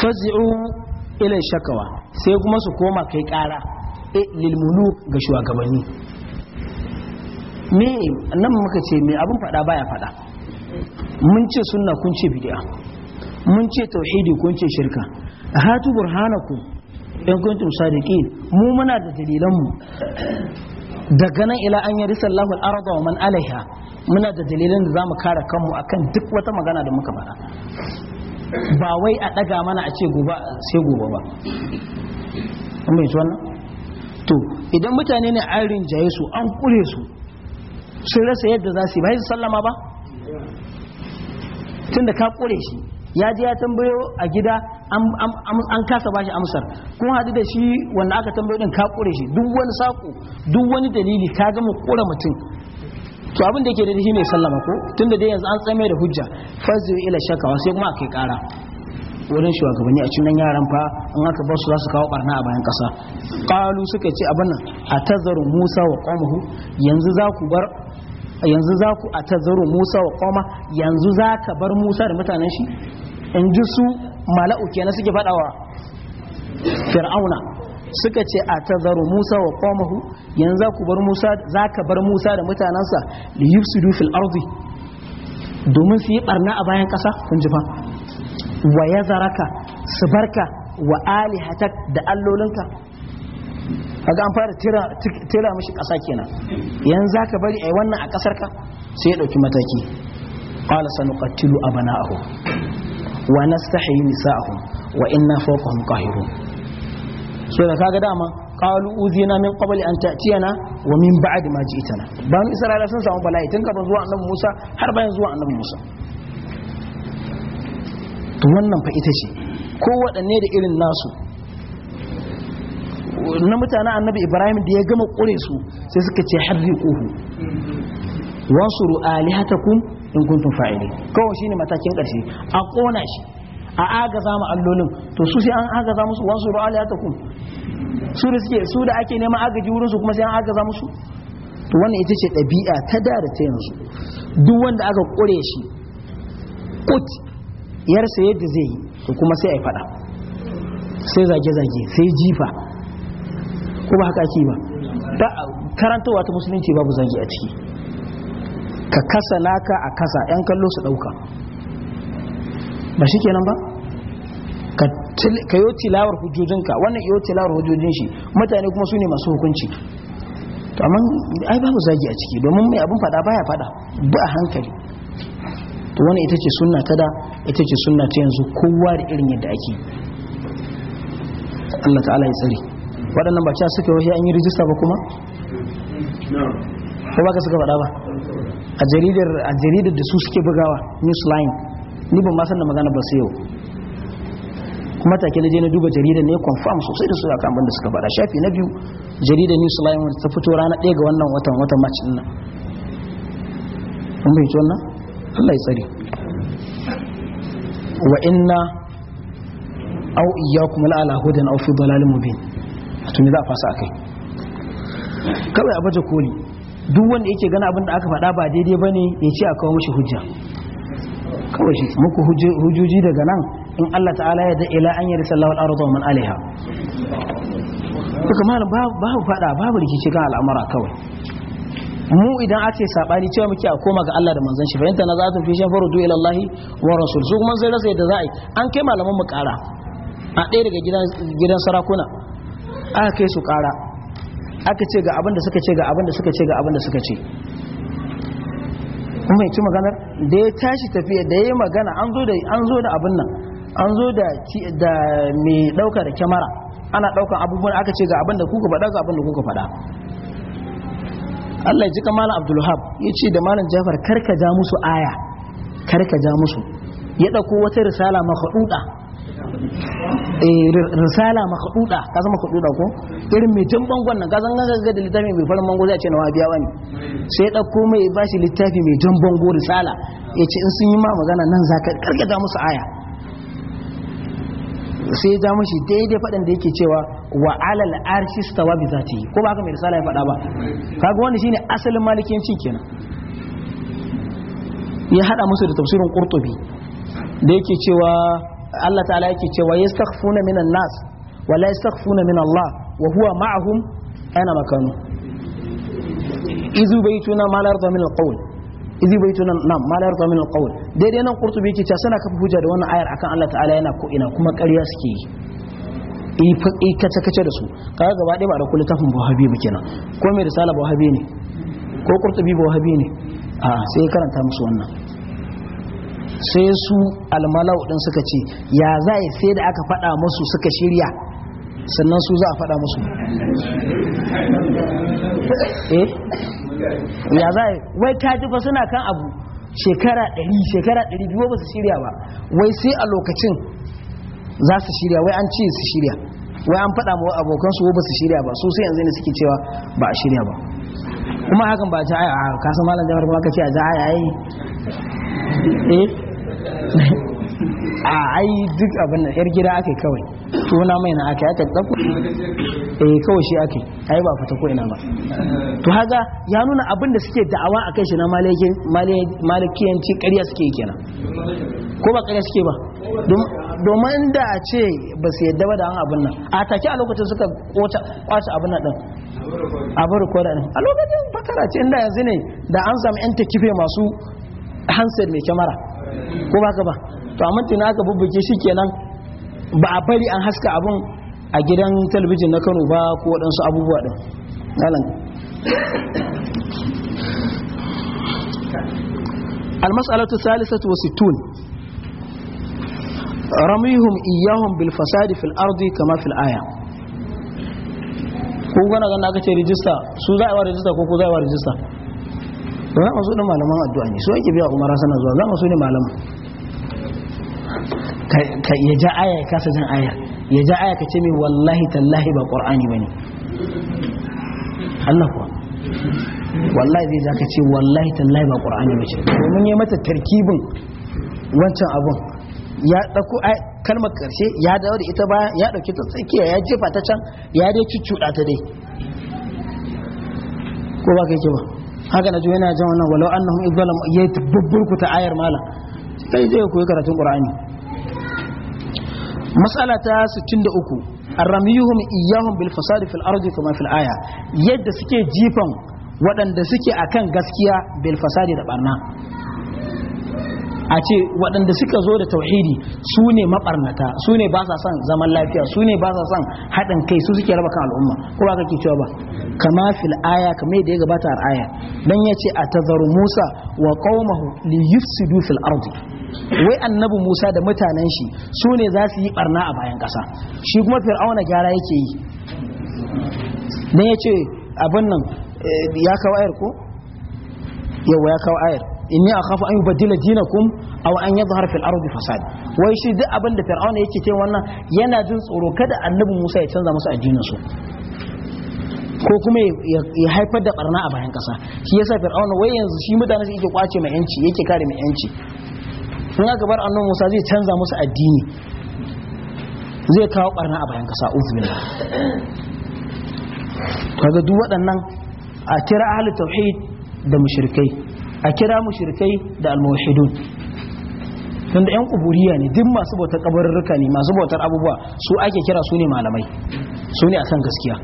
fazi'u ila shakawa sai kuma su koma kai ƙara lil muluk ga shugabanni me nan muka ce me abin faɗa baya faɗa mun ce sunna kun ce bid'a mun ce tauhidi kun ce shirka hatu burhanakum in kuntum sadiqin mu muna da dalilan mu daga nan ila an yarisa Allahu al-arda wa man alaiha muna da dalilan da zamu kare kanmu akan duk wata magana da muka fara ba wai a daga mana a ce gobe sai gobe ba an bai wannan to idan mutane ne an rinjaye su an kure su sun rasa yadda za su yi ba su sallama ba tunda ka kure shi ya je ya tambayo a gida an kasa ba shi amsar kun haɗu da shi wanda aka tambayo din ka kure shi duk wani saƙo duk wani dalili ka gama kora mutum to abin da yake da shi ne sallama ko tunda dai yanzu an tsame da hujja fazu ila shakawa sai kuma aka yi kara wurin shugabanni a cikin yaran fa an aka bar su za su kawo barna a bayan kasa qalu suka ce abin nan atazaru musa wa qawmuhu yanzu za ku bar yanzu za ku a musa wa koma yanzu za ka bar musa da mutanen shi in ji su mala'u kenan suke faɗawa fir'auna suka ce a musa wa komahu yanzu za ku bar musa za ka bar musa da mutanensa da yufsidu fil ardi domin su yi barna a bayan ƙasa kun ji fa wa ya zaraka su barka wa alihatak da allolinka kaga an fara tera mashi ƙasa kenan yanzu ka bari a yi wannan a ƙasar ka sai ya ɗauki mataki sanu a bana abana'ahum wa na nisa nisa'ahum wa inna fawqahum qahirun so da kaga dama qalu uzina min qabl an ta'tiyana wa min ba'd ma ji ji'tana banu isra'ila sun samu bala'i tun kafin zuwa annabi Musa har bayan zuwa annabi Musa to wannan fa ita ce ko waɗanne da irin nasu na mutanen annabi ibrahim da ya gama kure su sai suka ce harri kuhu hata kun in kuntun fa'ili kawai shine matakin ƙarshe. a ƙona shi a agaza mu allolin to su sai an agaza musu hata kun su da suke su da ake neman agaji wurin su kuma sai an agaza musu to wannan ita ce ɗabi'a ta da da ta yanzu duk wanda aka kure shi kut yarsa yadda zai yi to kuma sai a yi fada sai zage-zage sai jifa ko ba haka ake ba karantowa ta musulunci babu zagi a ciki ka kasa naka a kasa yan kallo su dauka ba shi kenan ba ka yi tilawar hujjojinka wannan yi tilawar hujjojin shi mutane kuma su ne masu hukunci to amma ai babu zagi a ciki domin mai abin fada baya fada ba a hankali to wani ita ce sunna ta da ita ce sunna ta yanzu kowa da irin yadda ake Allah ta'ala ya tsare waɗannan ba ca suka wahi an yi rijista ba kuma ko baka suka faɗa ba a jaridar a jaridar da su suke bugawa newsline ni ban ma san da magana ba su yau kuma take na je na duba jaridar ne confirm sosai da su akan abin da suka faɗa shafi na biyu jaridar newsline wanda ta fito rana ɗaya ga wannan watan watan march din nan kun bai wannan Allah ya tsare wa inna au iyyakum la ala hudan aw fi dalalin mubin tuni za a fasa a kai kawai a baje koli duk wanda yake gana abin da aka faɗa ba daidai ba ne ya ce a kawo mashi hujja kawai shi muku hujjoji daga nan in Allah ta'ala ya da ila an yi risallawar arzuwa man alaiha kuka malam babu faɗa babu rikici kan al'amura kawai mu idan a ce sabani cewa muke a koma ga Allah da manzon shi bayan tana na zata fi shan farudu ila Allah wa rasul su kuma sai rasa yadda za a yi an kai malaman mu kara a ɗaya daga gidan sarakuna aka kai su ƙara aka ce ga abinda suka ce ga abinda suka ce ga abinda suka ce kuma ci maganar da ya tashi tafiya da ya yi magana an zo da abin nan an zo da mai daukar kyamara ana ɗaukan abubuwan aka ce ga abinda kuka faɗa ga abinda kuka faɗa Allah ya ji malam Abdulhab ya ce da malam Jafar karka ja musu aya karka ja musu ya ɗauko wata risala mahaɗuɗa Eh, risala makhduda ka zama makhduda ko irin mai tun bangon nan ka san ga da littafi mai farin bango zai ce na wahabiya bane sai dauko mai bashi littafi mai tun bango risala ya ce in sun yi ma magana nan za ka karkata musu aya sai ya ja mashi daidai fadan da yake cewa wa alal arshi stawa bi zati ko ba ka mai risala ya faɗa ba kaga wanda shine asalin malikiyanci kenan ya hada musu da tafsirin qurtubi da yake cewa Allah ta'ala yake cewa yastakhfuna minan nas wa la yastakhfuna min Allah wa huwa ma'ahum aina makanu izu baituna ma la yarda min alqawl izi bai tunan nan ma la yarda min alqawl daidai nan qurtubi yake cewa suna kafa hujja da wannan ayar akan Allah ta'ala yana ko ina kuma ƙarya suke yi i kace kace da su kaga gaba ɗaya ba da kullu tafin buhabi ba kenan ko mai risala buhabi ne ko qurtubi buhabi ne a sai karanta musu wannan sai su almalau din suka ce ya za sai da aka faɗa musu suka shirya sannan su za a faɗa musu <laughs> eh ya za wai ta fa suna kan abu shekara 100 shekara 200 ba su shirya ba wai sai a lokacin za su shirya wai an ce su shirya wai an faɗa ma abokan su ba su shirya ba su sai yanzu ne suke cewa ba a shirya ba kuma hakan ba ta aya a kasan malam jamar kuma ka ce a za a yi eh a ai duk abin nan yar gida aka kawai tona mai na aka aka tsako eh kawai shi ake ai ba fata ko ina ba to haga ya nuna abin da suke da'awa a kai shi na malikiyanci ƙarya suke kenan ko ba ƙarya suke ba domin da a ce ba su yadda ba da an abin nan a take a lokacin suka kwace abin nan din ko da nan a lokacin bakara ce inda yanzu ne da an samu yan takife masu hansar mai kyamara ko ba ka ba to amma tuna aka bubbuke shi kenan ba a bari an haska abun a gidan talabijin na kano ba ko waɗansu abubuwa ɗin wa sittun ramihum رميهم bil بالفساد fil ardi kama fil aya ko gana ganna aka ce rijista su za a yi wa rijista ko ku za a yi wa rijista za mu su da malaman addu'a ne su yake biya umara sana zuwa za mu su ne malaman ka ya ja aya ya kasa jin aya ya ja aya ka ce mai wallahi tallahi ba qur'ani bane Allah kuwa wallahi zai zaka ka ce wallahi tallahi ba qur'ani bace domin ya mata tarkibin wancan abun ya dauko kalmar karshe ya dawo da ita baya ya dauki ta tsakiya ya jefa ta can ya dai cuccuda ta dai ko ba kai ke ba haka na yana jan wannan walau annahum idzalam yayi bubburku ta ayar malam sai zai koyi karatun qur'ani mas'ala ta 63 arramiyuhum iyyahum bil fasadi fil ardi kama fil aya yadda suke jifan waɗanda suke a kan gaskiya bil fasadi da barna a ce waɗanda suka zo da tauhidi su ne maɓarnata su ne ba sa son zaman lafiya su ne ba sa son haɗin kai su suke raba kan al'umma ko ba kake cewa ba kama fil aya kamar yadda ya gabata a aya dan ya ce a tazaru musa wa qaumahu li yufsidu fil ardi wai annabi musa da mutanen shi su ne za su yi barna a bayan ƙasa shi kuma fir'auna gyara yake yi dan ya ce abin nan eh, ya kawo ayar ko yawa ya kawo ayar inni akhafu an yubaddila dinakum aw an zahar fil ardi fasad wai shi duk abin da fir'auna yake ce wannan yana jin tsoro kada annabi Musa ya canza musu addininsu? ko kuma ya haifar da barna a bayan kasa shi yasa fir'auna wai yanzu shi mutane su yake kwace mai yanci yake kare mai yanci in aka bar annabi Musa zai canza musu addini zai kawo barna a bayan kasa uzbillah kaga duk waɗannan a kira ahli tauhid da mushrikai a kira mushrikai da almuhidun tunda yan kuburiya ne duk masu bautar kabarurruka ne masu bautar abubuwa su ake kira su ne malamai su ne a san gaskiya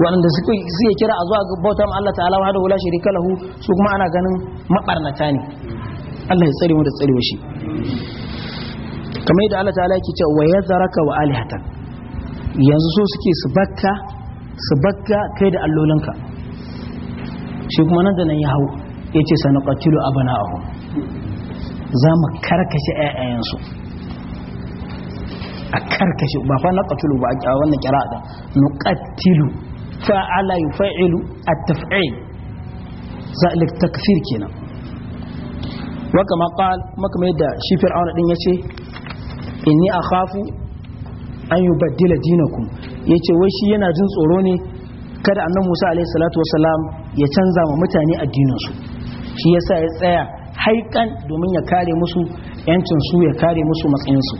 waɗanda suke kira a zuwa bauta ma Allah ta'ala wahdahu la sharika lahu su kuma ana ganin mabarnata ne Allah ya tsare mu da tsarewa shi kamar yadda Allah ta'ala yake cewa ya zaraka wa alihata yanzu so suke su bakka su bakka kai da allolinka shi kuma nan da nan ya hau ya ce sanakatilu ahu za mu karkashe ayayensu a karkashe ba fa na qatulu ba a wannan kira da nuqattilu fa'ala yufa'ilu za a zalik takfir kenan wa kama qal makama yadda shi fir'auna din yace inni akhafu an baddila dinakum yace wai shi yana jin tsoro ne kada annan Musa alaihi salatu wasalam ya canza ma mutane addininsu. shi yasa ya tsaya haikan domin ya kare musu yancin su ya kare musu matsayinsu.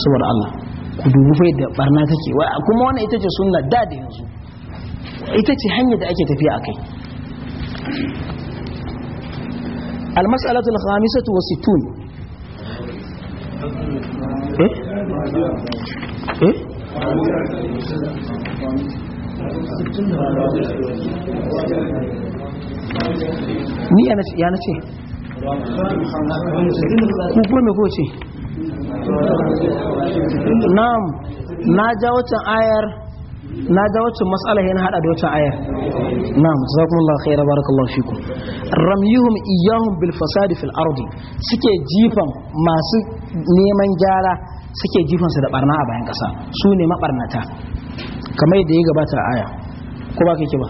saboda Allah ku dubu fa da barna take kuma wannan ita ce sunna da da yanzu ita ce hanya da ake tafiya akai المسألة الخامسة والستون eh eh ni ya na ce ku kuma me ce na'am na ja waccan ayar na ja waccan matsala yana hada da waccan ayar na'am jazakumullahu khaira barakallahu fiku ramyuhum iyahum bil fasadi fil ardi suke jifan masu neman gyara suke jifan su da barna a bayan kasa su ne mabarnata kamar yadda ya gabata a aya ko ba kake ba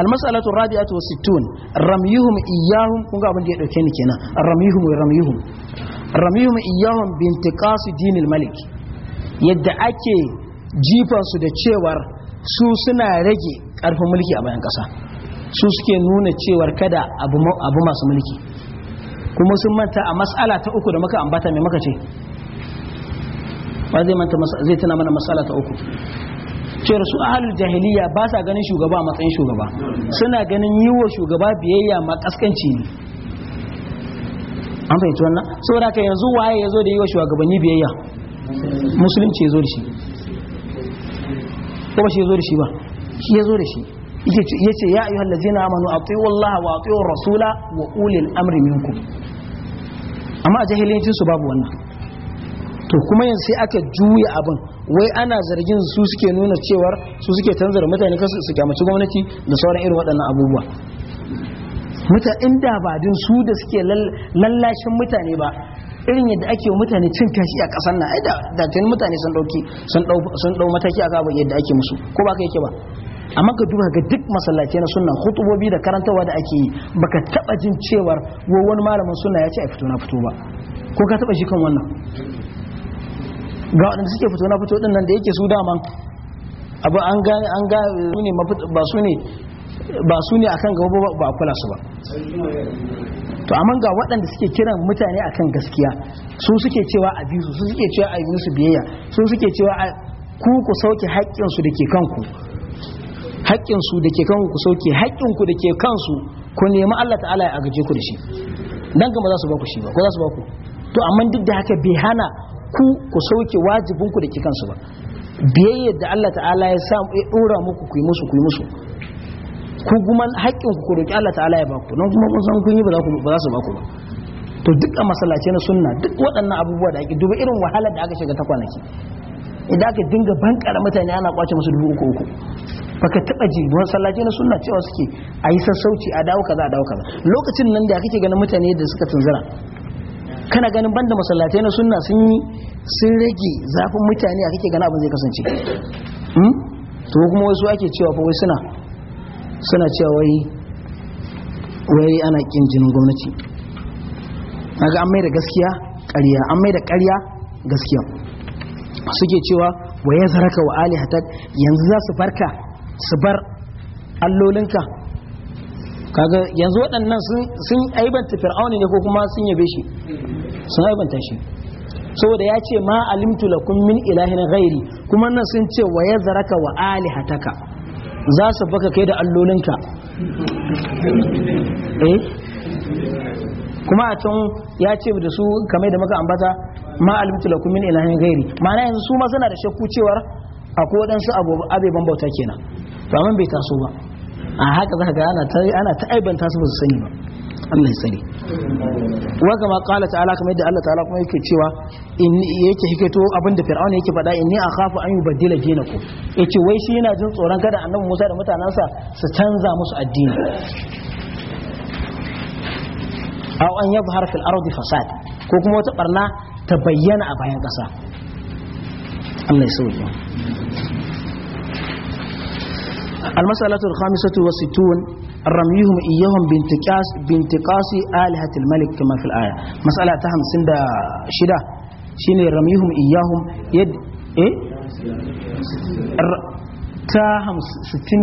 almas'alatu rabi'atu wasittun sittun ramyuhum iyyahum kun ga abin da ya dauke ni kenan ramyuhum wa ramyuhum ramyuhum iyyahum intiqasi dinil malik yadda ake jifan su da cewar su suna rage karfin mulki a bayan kasa su suke nuna cewar kada abu masu mulki kuma sun manta a mas'ala ta uku da muka ambata mai muka ce ba zai manta zai tana mana mas'ala ta uku cewar su ahalul jahiliya ba sa ganin shugaba a matsayin shugaba suna ganin yi wa shugaba biyayya ma kaskanci ne an fahimci wannan saboda ka yanzu waye ya zo da yi wa shugabanni biyayya musulunci ya zo da shi ko ba shi ya zo da shi ba shi ya zo da shi Ya ce ya ayyuhal na amanu atiiu wallaha wa atiiu rasula wa ulil amri minkum amma a jahiliyancin su babu wannan to kuma yanzu sai aka juya abin wai ana zargin su suke nuna cewar su suke tanzara mutane kasu su kyamaci gwamnati da sauran irin waɗannan abubuwa muta inda ba din su da suke lallashin mutane ba irin yadda ake wa mutane cin kashi a ƙasar na da da tun mutane sun dauki sun dau mataki a gaba yadda ake musu ko ba ka yake ba amma ka duka ga duk masallaci na sunna hutubobi da karantawa da ake yi baka taba jin cewar wani malamin suna ya ce a fito na fito ba ko ka taba shi kan wannan ga waɗanda suke fito na fito ɗin nan da yake su daman abu an gane an gane ne ba su ne ba su ne akan gaba ba ba kula su ba to amma ga waɗanda suke kiran mutane akan gaskiya su suke cewa a bi su su suke cewa a yi musu biyayya su suke cewa ku ku sauke haƙƙinsu da ke kanku haƙƙinsu da ke kanku ku sauke haƙƙinku da ke kansu ku nemi Allah ta'ala ya agaje ku da shi dan ga ba za su ba ku shi ba ko za su ba ku to amma duk da haka bai hana ku ku sauke wajibinku da ke kansu ba biyayya da Allah ta'ala ya sa ya dora muku ku yi musu ku yi musu ku kuma haƙƙin ku roki Allah ta'ala ya baku nan kuma kun san kun yi ba za ku ba za su baku ba to dukkan masallaci na sunna duk waɗannan abubuwa da ake duba irin wahalar da aka shiga ta kwanaki idan aka dinga bankara mutane ana kwace musu dubu uku uku baka taba ji masallaci na sunna cewa suke a yi sassauci a dawo kaza a dawo kaza lokacin nan da kake ganin mutane da suka tunzura kana ganin banda masallatai na sunna sun yi sun rage zafin mutane a kake gana abin zai kasance hmm? to kuma wasu ake cewa fa wai suna suna cewa wai wai ana kin jinin gwamnati kaga an mai da gaskiya ƙarya an mai da ƙarya gaskiya suke cewa wa ya zaraka wa alihatak yanzu za su farka su bar allolinka kaga yanzu waɗannan sun aibanta fir'auni ne ko kuma sun yabe shi sun aibanta shi saboda ya ce ma alimtu lakum min ilahin ghairi kuma nan sun ce wa yazraka wa alihataka za su baka kai da allolinka <laughs> eh kuma a can ya ce da su kamar da muka ambata ma alimtu lakum min ilahin ghairi ma'ana yanzu su ma suna da shakku cewar akwai waɗansu abeban bauta kenan to amma bai taso ba a haka za ga ana ta ana ta aibanta su su sani ba Allah ya sani wa kama qala ta'ala kamar yadda Allah ta'ala kuma yake cewa in yake hikato abin da fir'auna yake faɗa inni akhafu an yubaddila dinakum yace wai shi yana jin tsoron kada annabi Musa da mutanansa su canza musu addini aw an yadhhara fil ardi fasad ko kuma wata barna ta bayyana a bayan ƙasa Allah ya sauke المسألة الخامسة والستون رميهم إياهم بانتقاص بانتقاص آلهة الملك كما في الآية مسألة تهم سند شدة شين رميهم إياهم يد إيه تهم ستين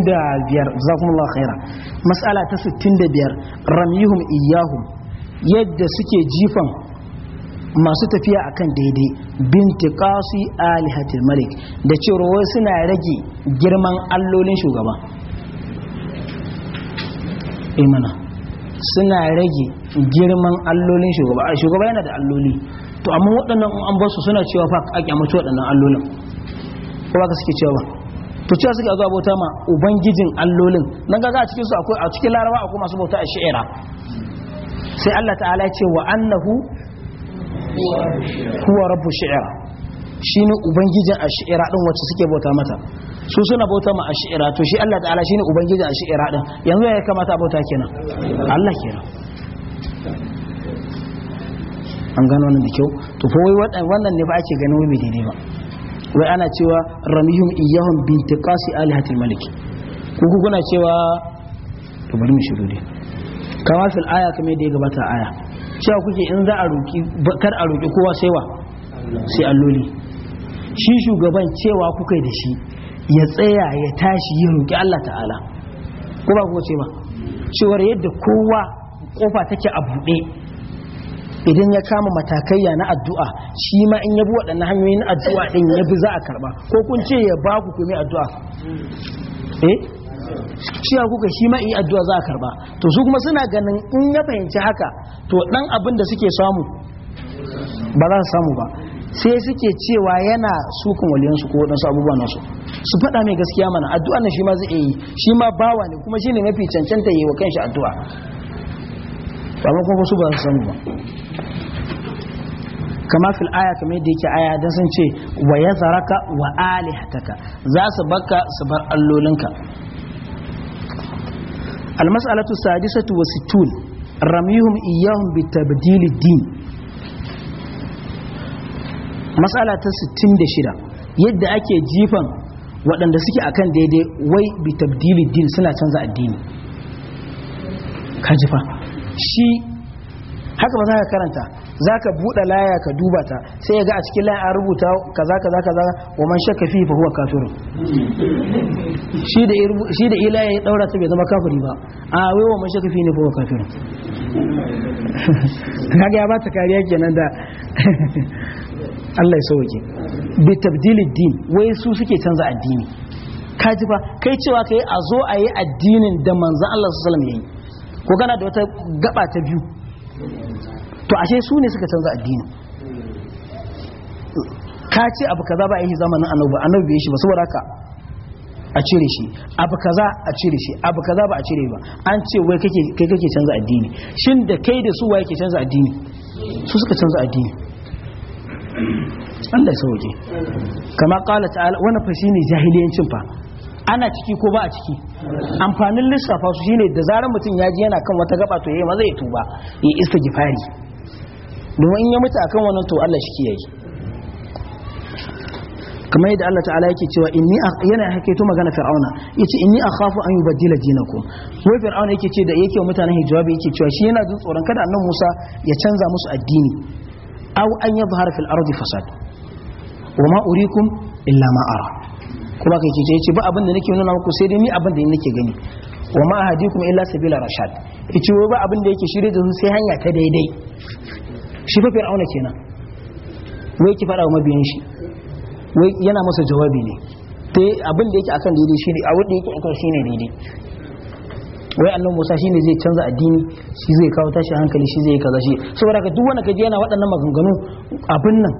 بير جزاكم الله خيرا مسألة ستين بير رميهم إياهم يد سكي جيفهم masu tafiya akan daidai bintiqasi alihatil malik da cewa wai suna rage girman allolin shugaba imana eh, suna rage girman allolin shugaba a shugaba yana da alloli to amma waɗannan an ba su suna cewa fa a kyamaci waɗannan allolin ko ba ka suke cewa ba to cewa suke zuwa bauta ma ubangijin allolin nan ga a cikin su akwai a cikin larawa akwai masu bauta a shi'ira sai Allah ta'ala ya ce wa annahu huwa rabbu shi'ira shine ubangijin ash'ira din wacce suke bauta mata su suna bauta ma ash'ira to shi Allah ta'ala shine ubangijin ash'ira din yanzu ya kamata bauta kenan Allah kenan an gano wannan da kyau to fa wai wannan ne ba ake ganin wai bai daidai ba wai ana cewa ramihum iyahum bi tiqasi alihatil malik ku kuna cewa to bari mu shiru dai kama fil aya kamar da ya gabata aya cewa kuke in za a roki kar a roki kowa sai wa sai alloli shi shugaban cewa kuka da shi ya tsaya ya tashi ya roki Allah ta'ala ko ba kuka ce ba cewa yadda kowa kofa take a buɗe idan ya kama matakaiya na addu'a shi ma in ya bi waɗannan hanyoyin addu'a din ya bi za a karɓa ko kun ce ya ba ku kuma addu'a eh cewa kuka shi ma yi addu'a za a karba to su kuma suna ganin in ya fahimci haka to dan abin da suke samu ba za su samu ba sai suke cewa yana sukan waliyansu ko waɗansu abubuwa nasu su faɗa mai gaskiya mana addu'a na shi ma zai yi shi ma bawa ne kuma shi ne mafi cancanta yi wa kanshi addu'a ba ma kuma su ba su samu ba kama fil aya kamar yadda yake aya dan sun ce wa yazaraka wa alihataka za su baka su bar allolinka almas'alatu sadisatu wa sittun ramyuhum iyyahum bi tabdil din mas'ala ta shida yadda ake jifan waɗanda suke akan daidai wai bi din suna canza addini ka jifa shi haka ba za ka karanta za ka buɗe laya ka duba ta sai ya ga a cikin laya an rubuta kaza kaza kaza wa man shakka fi fa huwa kafirun shi da shi ilaya ya daura ta bai zama kafiri ba a wai wa man shakka fi ne fa huwa kafirun <laughs> kaga ya ba ta kariya kenan da <laughs> Allah ya sauke bi tabdilid din wai su suke canza addini ka ji ba kai cewa kai a zo a yi addinin da manzon Allah sallallahu alaihi wasallam yayi ko kana da wata gaba ta biyu to ashe su ne suka canza addini ka ce abu kaza ba yi zamanin annabi annabi bai shi ba saboda haka a cire shi abu kaza a cire shi abu kaza ba a cire ba an ce wai kake kai kake canza addini shin da kai da su waye ke canza addini su suka canza addini Allah ya sauke kama kala ta'ala wani fa shine jahiliyancin fa ana ciki ko ba a ciki amfanin lissafa su shine da zarar mutum ya ji yana kan wata gaba to yayi maza ya tuba ya istighfari domin ya mutu akan wannan to Allah shi kiyaye kamar yadda Allah ta'ala yake cewa inni yana haketo magana fir'auna yace inni akhafu an yubaddila dinakum wai fir'auna yake ce da yake mutanen hijabi yake cewa shi yana jin tsoron kada annabi Musa ya canza musu addini aw an yadhhara fil ardi fasad wama urikum illa ma ara kuma kai ce yace ba abin da nake nuna muku sai dai ni abin da nake gani wama ahadikum illa sabila rashad yace wai ba abin da yake shirye da su sai hanya ta daidai shi fa fir'auna kenan wai ki fada wa mabiyan shi wai yana masa jawabi ne te abin da yake akan daidai shine a wanda yake akan shine daidai wai annabi Musa shine zai canza addini shi zai kawo tashi hankali shi zai kaza shi saboda ka duk wanda kaji yana waɗannan maganganu abin nan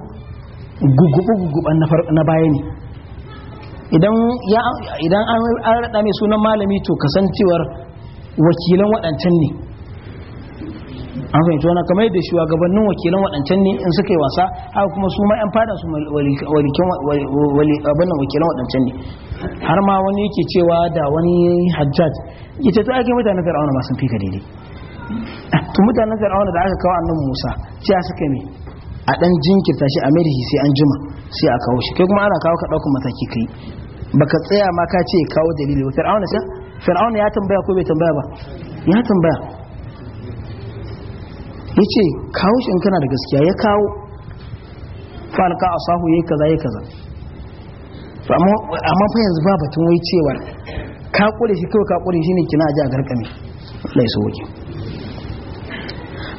gugubu guguban na baya ne idan idan an raɗa mai sunan malami to kasancewar wakilan waɗancan ne an fahimci wani kamar yadda shugabannin wakilan waɗancan ne in suka yi wasa haka kuma su ma 'yan fada su abinnan wakilan waɗancan ne har ma wani yake cewa da wani hajjaj ita ta ake mutanen fir'auna masu fi ka daidai <laughs> to mutanen fir'auna da aka kawo annan musa ce a suka ne a dan jinkirta shi a mai sai an jima sai a kawo shi kai kuma ana kawo ka ɗaukar mataki kai baka tsaya ma ka ce kawo dalili ba fir'auna sai fir'auna ya tambaya ko bai tambaya ba ya tambaya ya ce kawo shi in kana da gaskiya ya kawo falka a sahu ya yi kaza ya kaza amma fa yanzu ba batun wai cewar ka kure shi kawai ka kure shi ne kina ji a garkami lai so wuce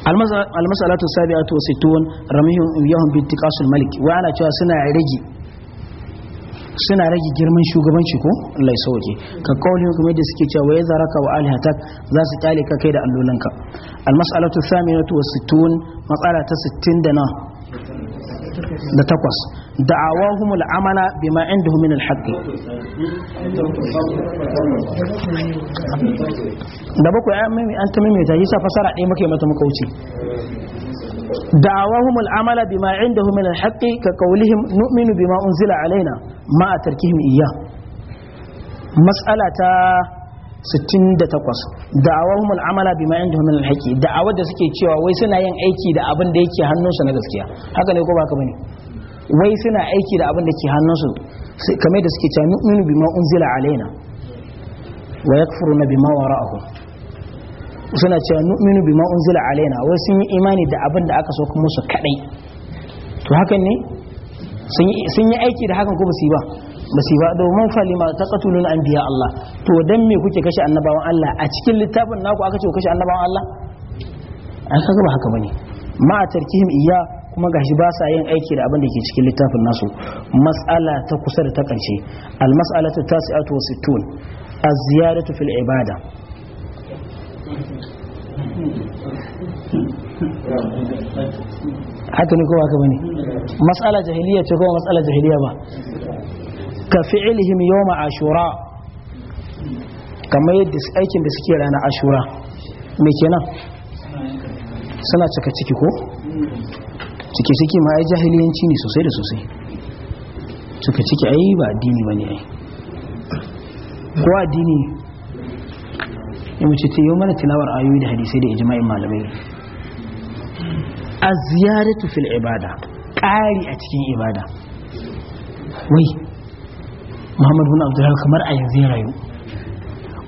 almasalatu sabi'atu situn ramihum yahum bi tiqasul malik wa ana cewa suna rage suna rage girman shugabanci ko lai sauke ka kawai kuma da suke cewa ya zaraka wa alihatak za su kyale ka kai da allolanka almas'alatu thaminatu wa sittun matsala ta 60 da na da takwas da'awahum al'amala bima indahum min al an mimi fasara ɗaya muke mata muka wuce دعواهم العمل بما عنده من الحق كقولهم نؤمن بما أنزل علينا مع تركهم إياه مسألة 68 da'awahum al'amala bima indahum min al-haqi da'awar da suke cewa wai suna yin aiki da abin da yake hannunsu na gaskiya haka ne ko ba ka bane wai suna aiki da abin da ke hannunsu kamar da suke cewa nu'minu bima unzila alaina wa yakfuruna bima wara'ahu suna cewa nu'minu bima unzila alaina wai sun yi imani da abin da aka so kuma su kadai to hakan ne sun yi aiki da hakan ko ba su yi ba masifa man falima ta katulun an biya Allah to dan me kuke kashe annabawan Allah a cikin littafin naku aka ce ku kashe annabawan Allah an kaga ba haka bane ma a tarkihim iya kuma gashi ba sa yin aiki da abin da ke cikin littafin nasu mas'ala ta kusa da ta karshe al mas'alatu tasi'atu wa sittun az-ziyadatu fil ibada haka ne ko haka bane mas'ala jahiliya ce ko mas'ala jahiliya ba ka fi'ilihim yawma ashura kamar yadda aikin da suke rana ashura me kenan suna cika ciki ko cike ciki ma ai jahiliyanci ne sosai da sosai cika ciki ai ba addini bane ai ko addini ya mace ce yau mana tilawar ayoyi da hadisai da ijma'in malamai a ziyaratu fil ibada ƙari a cikin ibada wai muhammad bin abdullahi kamar a yanzu ya rayu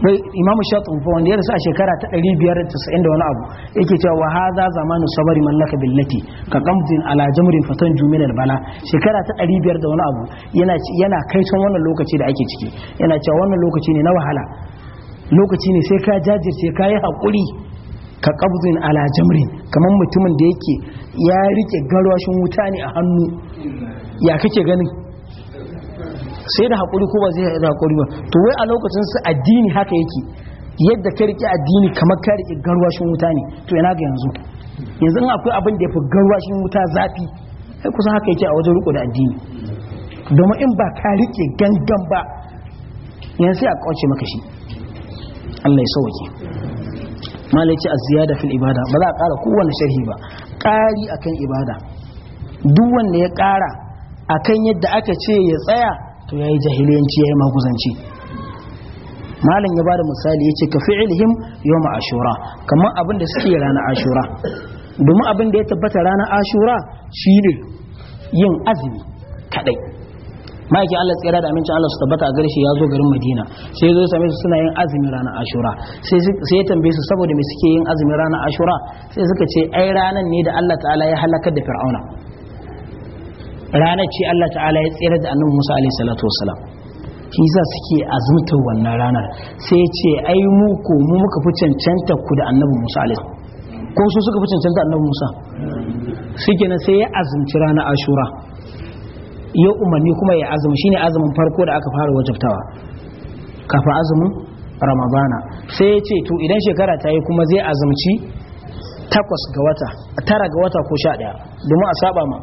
bai imamu shatun fa wanda ya rasu a shekara ta 590 da wani abu yake cewa wa hadha zamanu sabari mallaka billati ka qamdin ala jamrin fatan juminal bala shekara ta 500 da wani abu yana yana kai son wannan lokaci da ake ciki yana cewa wannan lokaci ne na wahala lokaci ne sai ka jajirce ka yi hakuri ka qabdin ala jamrin kamar mutumin da yake ya rike garwashin wuta ne a hannu ya kake ganin sai da haƙuri ko ba zai da haƙuri ba to wai a lokacin su addini haka yake yadda ka riƙe addini kamar ka riƙe garwashin wuta ne to yana ga yanzu yanzu in akwai abin da ya fi garwashin wuta zafi sai kusan haka yake a wajen riko da addini domin in ba ka riƙe gangan ba yanzu sai a kauce maka shi Allah ya sauke malai ce a ziyada fil ibada ba za a ƙara kowane sharhi ba ƙari akan ibada duk wanda ya ƙara akan yadda aka ce ya tsaya to yayi jahiliyanci yayi maguzanci malam ya bada misali ya ce ka fi'ilhim yawm ashura kamar abin da suke ranar ashura domin abin da ya tabbata ranar ashura shine yin azumi kadai ma'aikin Allah tsira da amincin Allah su tabbata a gare shi ya zo garin Madina sai zo same su suna yin azumi ranar Ashura sai ya tambaye su saboda me suke yin azumi ranar Ashura sai suka ce ai ranan ne da Allah ta'ala ya halakar da Fir'auna ranar ce Allah ta'ala ya tsere da annabi Musa alaihi salatu wasalam shi yasa suke azumta wannan ranar sai ya ce ai mu ko mu muka fi cancanta ku da annabi Musa alaihi ko su suka fi cancanta annabi Musa suke nan sai ya azumci ranar Ashura ya umarni kuma ya azumi shine azumin farko da aka fara wajabtawa kafa azumin Ramadana sai ya ce to idan shekara ta yi kuma zai azumci takwas ga wata tara ga wata ko sha ɗaya domin a saba ma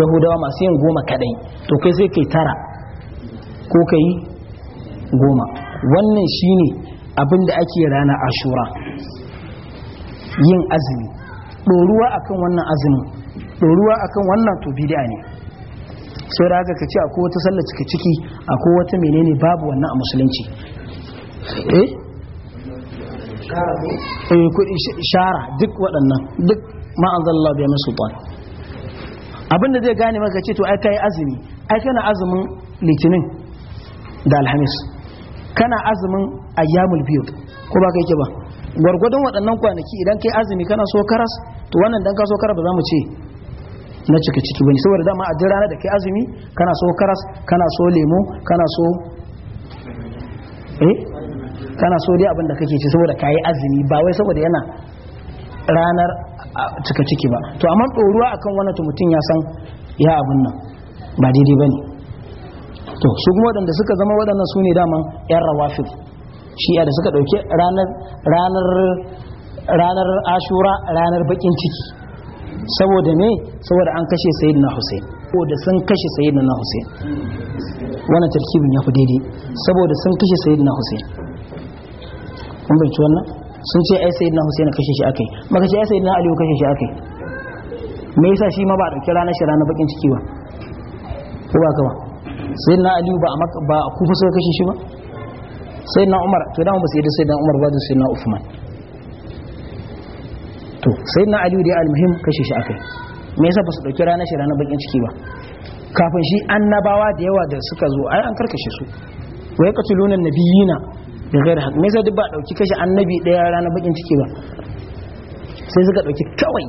yahudawa masu yin goma kadai to kai sai kai tara ko kai goma wannan shine abin da ake rana ashura yin azumi ɗoruwa akan wannan azumin ɗoruwa akan wannan to bid'a ne sai da haka ka ce akwai wata sallar cike ciki akwai wata menene babu wannan a musulunci eh, eh shara duk waɗannan duk ma'azallah bai mai sultan abinda zai gane maka ce to ai kai azumi ai kana azumin litinin da alhamis kana azumin ayyamul biyu ko ba kai ke ba gwargwadon waɗannan kwanaki idan kai azumi kana so karas to wannan dan ka so karas ba za mu ce na cika ciki bane saboda dama a rana da kai azumi kana so karas kana so lemo kana so eh kana so dai abin da kake ci saboda kai azumi ba wai saboda yana ranar cika ciki ba to amma ɗoruwa akan wannan to mutum ya san ya abin nan ba daidai ba ne to su kuma waɗanda suka zama waɗannan su ne daman yan rawafid ya da suka ɗauki ranar ranar ranar ashura ranar bakin ciki saboda me saboda an kashe sayyidina husain saboda sun kashe sayyidina husain wannan tarkibin ya fi daidai saboda sun kashe sayyidina husain kun bai wannan sun ce ai sayyidina husaini kashe shi akai maka ce ai sayyidina Ali kashe shi akai me yasa shi ma ba dauki ranar shi ranar bakin ciki ba ko ba ka ba sayyidina Ali ba ba kufa sai kashe shi ba sayyidina Umar to dan ba sai da sayyidina Umar ba da sayyidina usman to sayyidina Ali dai almuhim kashe shi akai me yasa ba su dauki ranar shi ranar bakin ciki ba kafin shi annabawa da yawa da suka zo ai an karkashe su wa yaqtuluna nabiyina da gairi haka me zai ba dauki kashe annabi daya rana bakin ciki ba sai suka dauki kawai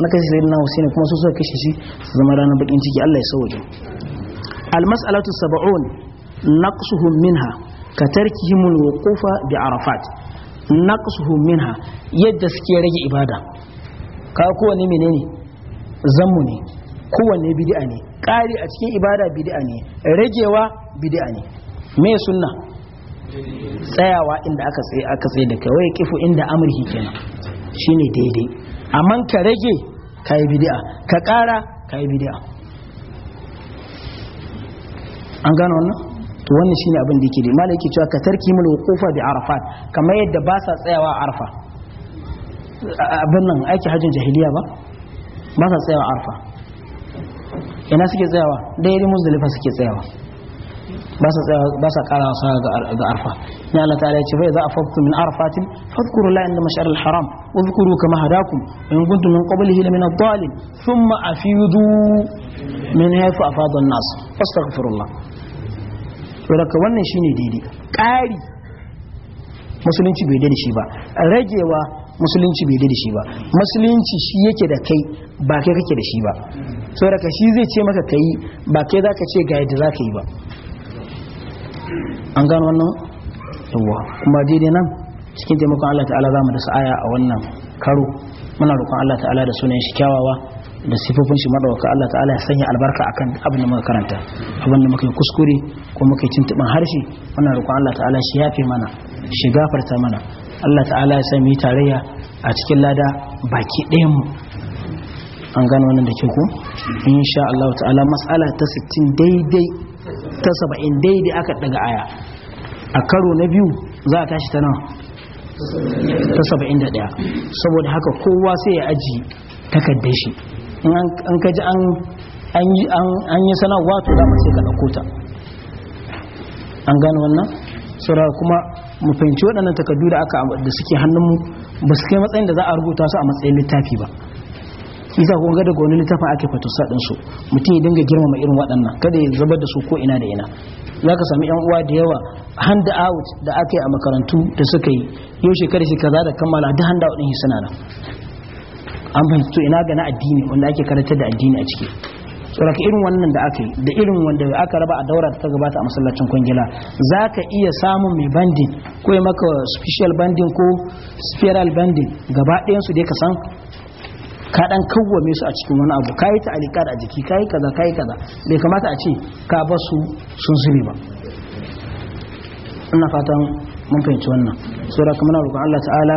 na kashe na Husaini kuma su suka kashe shi su zama ranar bakin ciki Allah ya sauke almasalatu sab'un naqsuhum minha ka tarkihim alwuqufa bi arafat naqsuhum minha yadda suke rage ibada ka kowane menene zammu ne kowanne bid'a ne ƙari a cikin ibada bid'a ne ragewa bid'a ne me sunna tsayawa inda aka tsaye aka tsaye da kawai kifu inda amurki kenan shine daidai amma ka rage ka yi bid'a ka ƙara ka yi bid'a an gano wannan to wannan shine abin da yake da malai yake cewa ka tarki mul wuqufa bi arafat kamar yadda ba sa tsayawa a arfa abin nan aiki hajjin jahiliya ba ba sa tsayawa a arfa ina suke tsayawa daidai muzdalifa suke tsayawa ba sa kara wasa ga arfa ya Allah ta'ala ya ce fa idza afadtu min arfatin fadhkuru la inda mashar al haram wa kama hadakum in kuntum min qablihi lamin ad-dhalin thumma afidu min haythu afada an-nas fastaghfirullah to wannan shine daidai kari musulunci bai dade shi ba ragewa musulunci bai dade shi ba musulunci shi yake da kai ba kai kake da shi ba so daga shi zai ce maka kai ba kai zaka ce ga yadda zaka yi ba an gano wannan yawa kuma daidai nan cikin taimakon Allah ta'ala za mu da sa'aya a wannan karo muna roƙon Allah ta'ala da sunan shi kyawawa da sifofin shi madawaka Allah ta'ala ya sanya albarka akan abin da muka karanta abin da muka yi kuskure ko muka yi tuntuɓin harshe muna roƙon Allah ta'ala shi yafe mana shi gafarta mana Allah ta'ala ya sami tarayya a cikin lada baki ɗayan mu an gano wannan da ke ku insha Allah ta'ala mas'ala ta 60 daidai ta saba'in daidai aka daga aya a karo na biyu za a tashi ta nan ta saba'in da daya saboda haka kowa sai ya aji takardar shi an kaji an yi sanarwa to da sai ka ɗauko ta an gane wannan saura kuma mu fahimci waɗannan takardu da aka da suke hannunmu ba su kai matsayin da za a rubuta su a matsayin littafi ba isa sa kun ga daga wani littafin ake fatusa din su mutum ya dinga girmama irin waɗannan kada ya zubar da su ko ina da ina za ka sami yan uwa da yawa hand out da aka yi a makarantu da suka yi yau shekara shekara da kammala duk hand out din suna nan an fahimci ina ga na addini wanda ake karantar da addini a ciki tsoraka irin wannan da aka yi da irin wanda aka raba a daura ta gabata a masallacin kwangila za ka iya samun mai bandin ko ya maka special bandin ko spiral bandin gaba ɗayansu dai ka san ka dan kawwame su a cikin wani abu yi ta alikar a jiki ka yi kaza yi kaza bai kamata a ce ka ba su sun zube ba ina fatan mun fahimci wannan sura kamar roƙon Allah ta'ala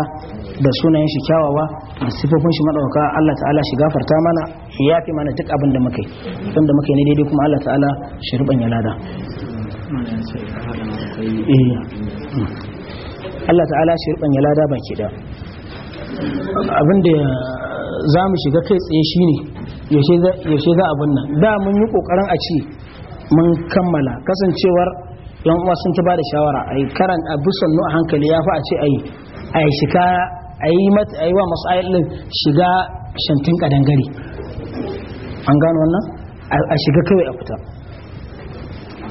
da sunayen shi kyawawa da sifofin shi madauka Allah ta'ala shi gafarta mana ya fi mana duk abin da muke tunda muke ne daidai kuma Allah ta'ala shi ruban ya lada eh. Allah ta'ala shi ruban ya lada baki da abinda za mu shiga kai tsaye shine yaushe za abin nan da mun yi kokarin a ci mun kammala kasancewar yan uwa sun ta ba da shawara a yi karan bisan sannu a hankali ya fi a ce a yi shiga a yi wa masu shiga shantin kadangare an gano wannan a shiga kawai a fita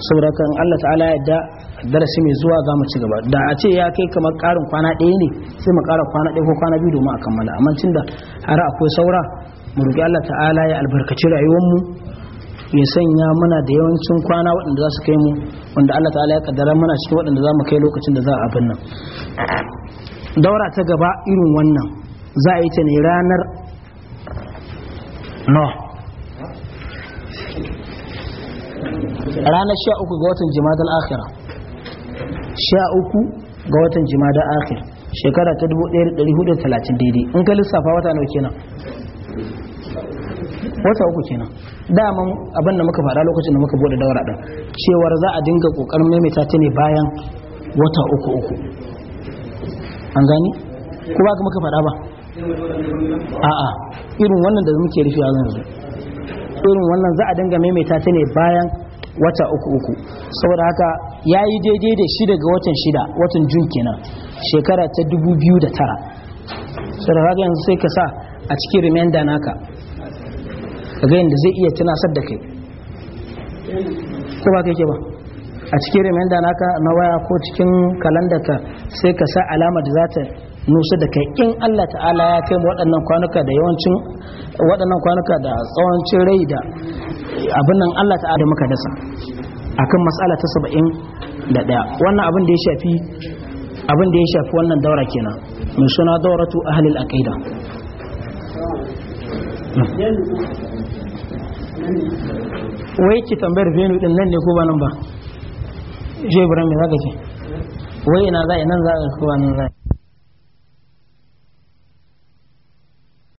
saboda kan Allah ta'ala ya yadda darasi mai zuwa za mu ci gaba da a ce ya kai kamar karin kwana ɗaya ne sai mu kara kwana ɗaya ko kwana biyu domin a kammala amma cin da har akwai saura mu roƙi Allah ta'ala ya albarkaci rayuwar mu. ya sanya muna da yawancin kwana waɗanda za su kai mu wanda Allah ta'ala ya kaddara muna cikin waɗanda za mu kai lokacin da za a abin nan daura ta gaba irin wannan za a yi ta ne ranar no ranar sha uku ga watan jima'a akhira Sha uku ga watan jimada akhir shekara ta 1430 daidai in ka lissafa wata nawa kenan wata uku kenan daman abin da muka faɗa lokacin da muka bude daura din cewar za a dinga ƙoƙarin maimaita ta ne bayan wata uku uku an gani ko ba ka muka faɗa ba a'a irin wannan da muke rufe a yanzu irin wannan za a dinga maimaita ta ne bayan wata uku uku saboda haka ya yi daidai da shi daga watan shida watan jun kenan shekara ta 2009 saboda haka yanzu sai ka sa a cikin remainder naka ga yadda zai iya tunasar da kai ko ba kai ke ba a cikin remainder naka na waya ko cikin kalandarka sai ka sa alama da za ta nusa da kai in Allah ta'ala ya kai mu waɗannan kwanuka da yawancin waɗannan kwanuka da tsawancin rai da abin nan Allah ta'ala da muka dasa akan matsala ta saba'in da ɗaya wannan abin da ya shafi abin da ya shafi wannan daura kenan mai suna dauratu ahlil aqida wai ki tambayar benu din nan ne ko ba nan ba je ibrahim za zaka ce wai ina za nan za ko ba nan za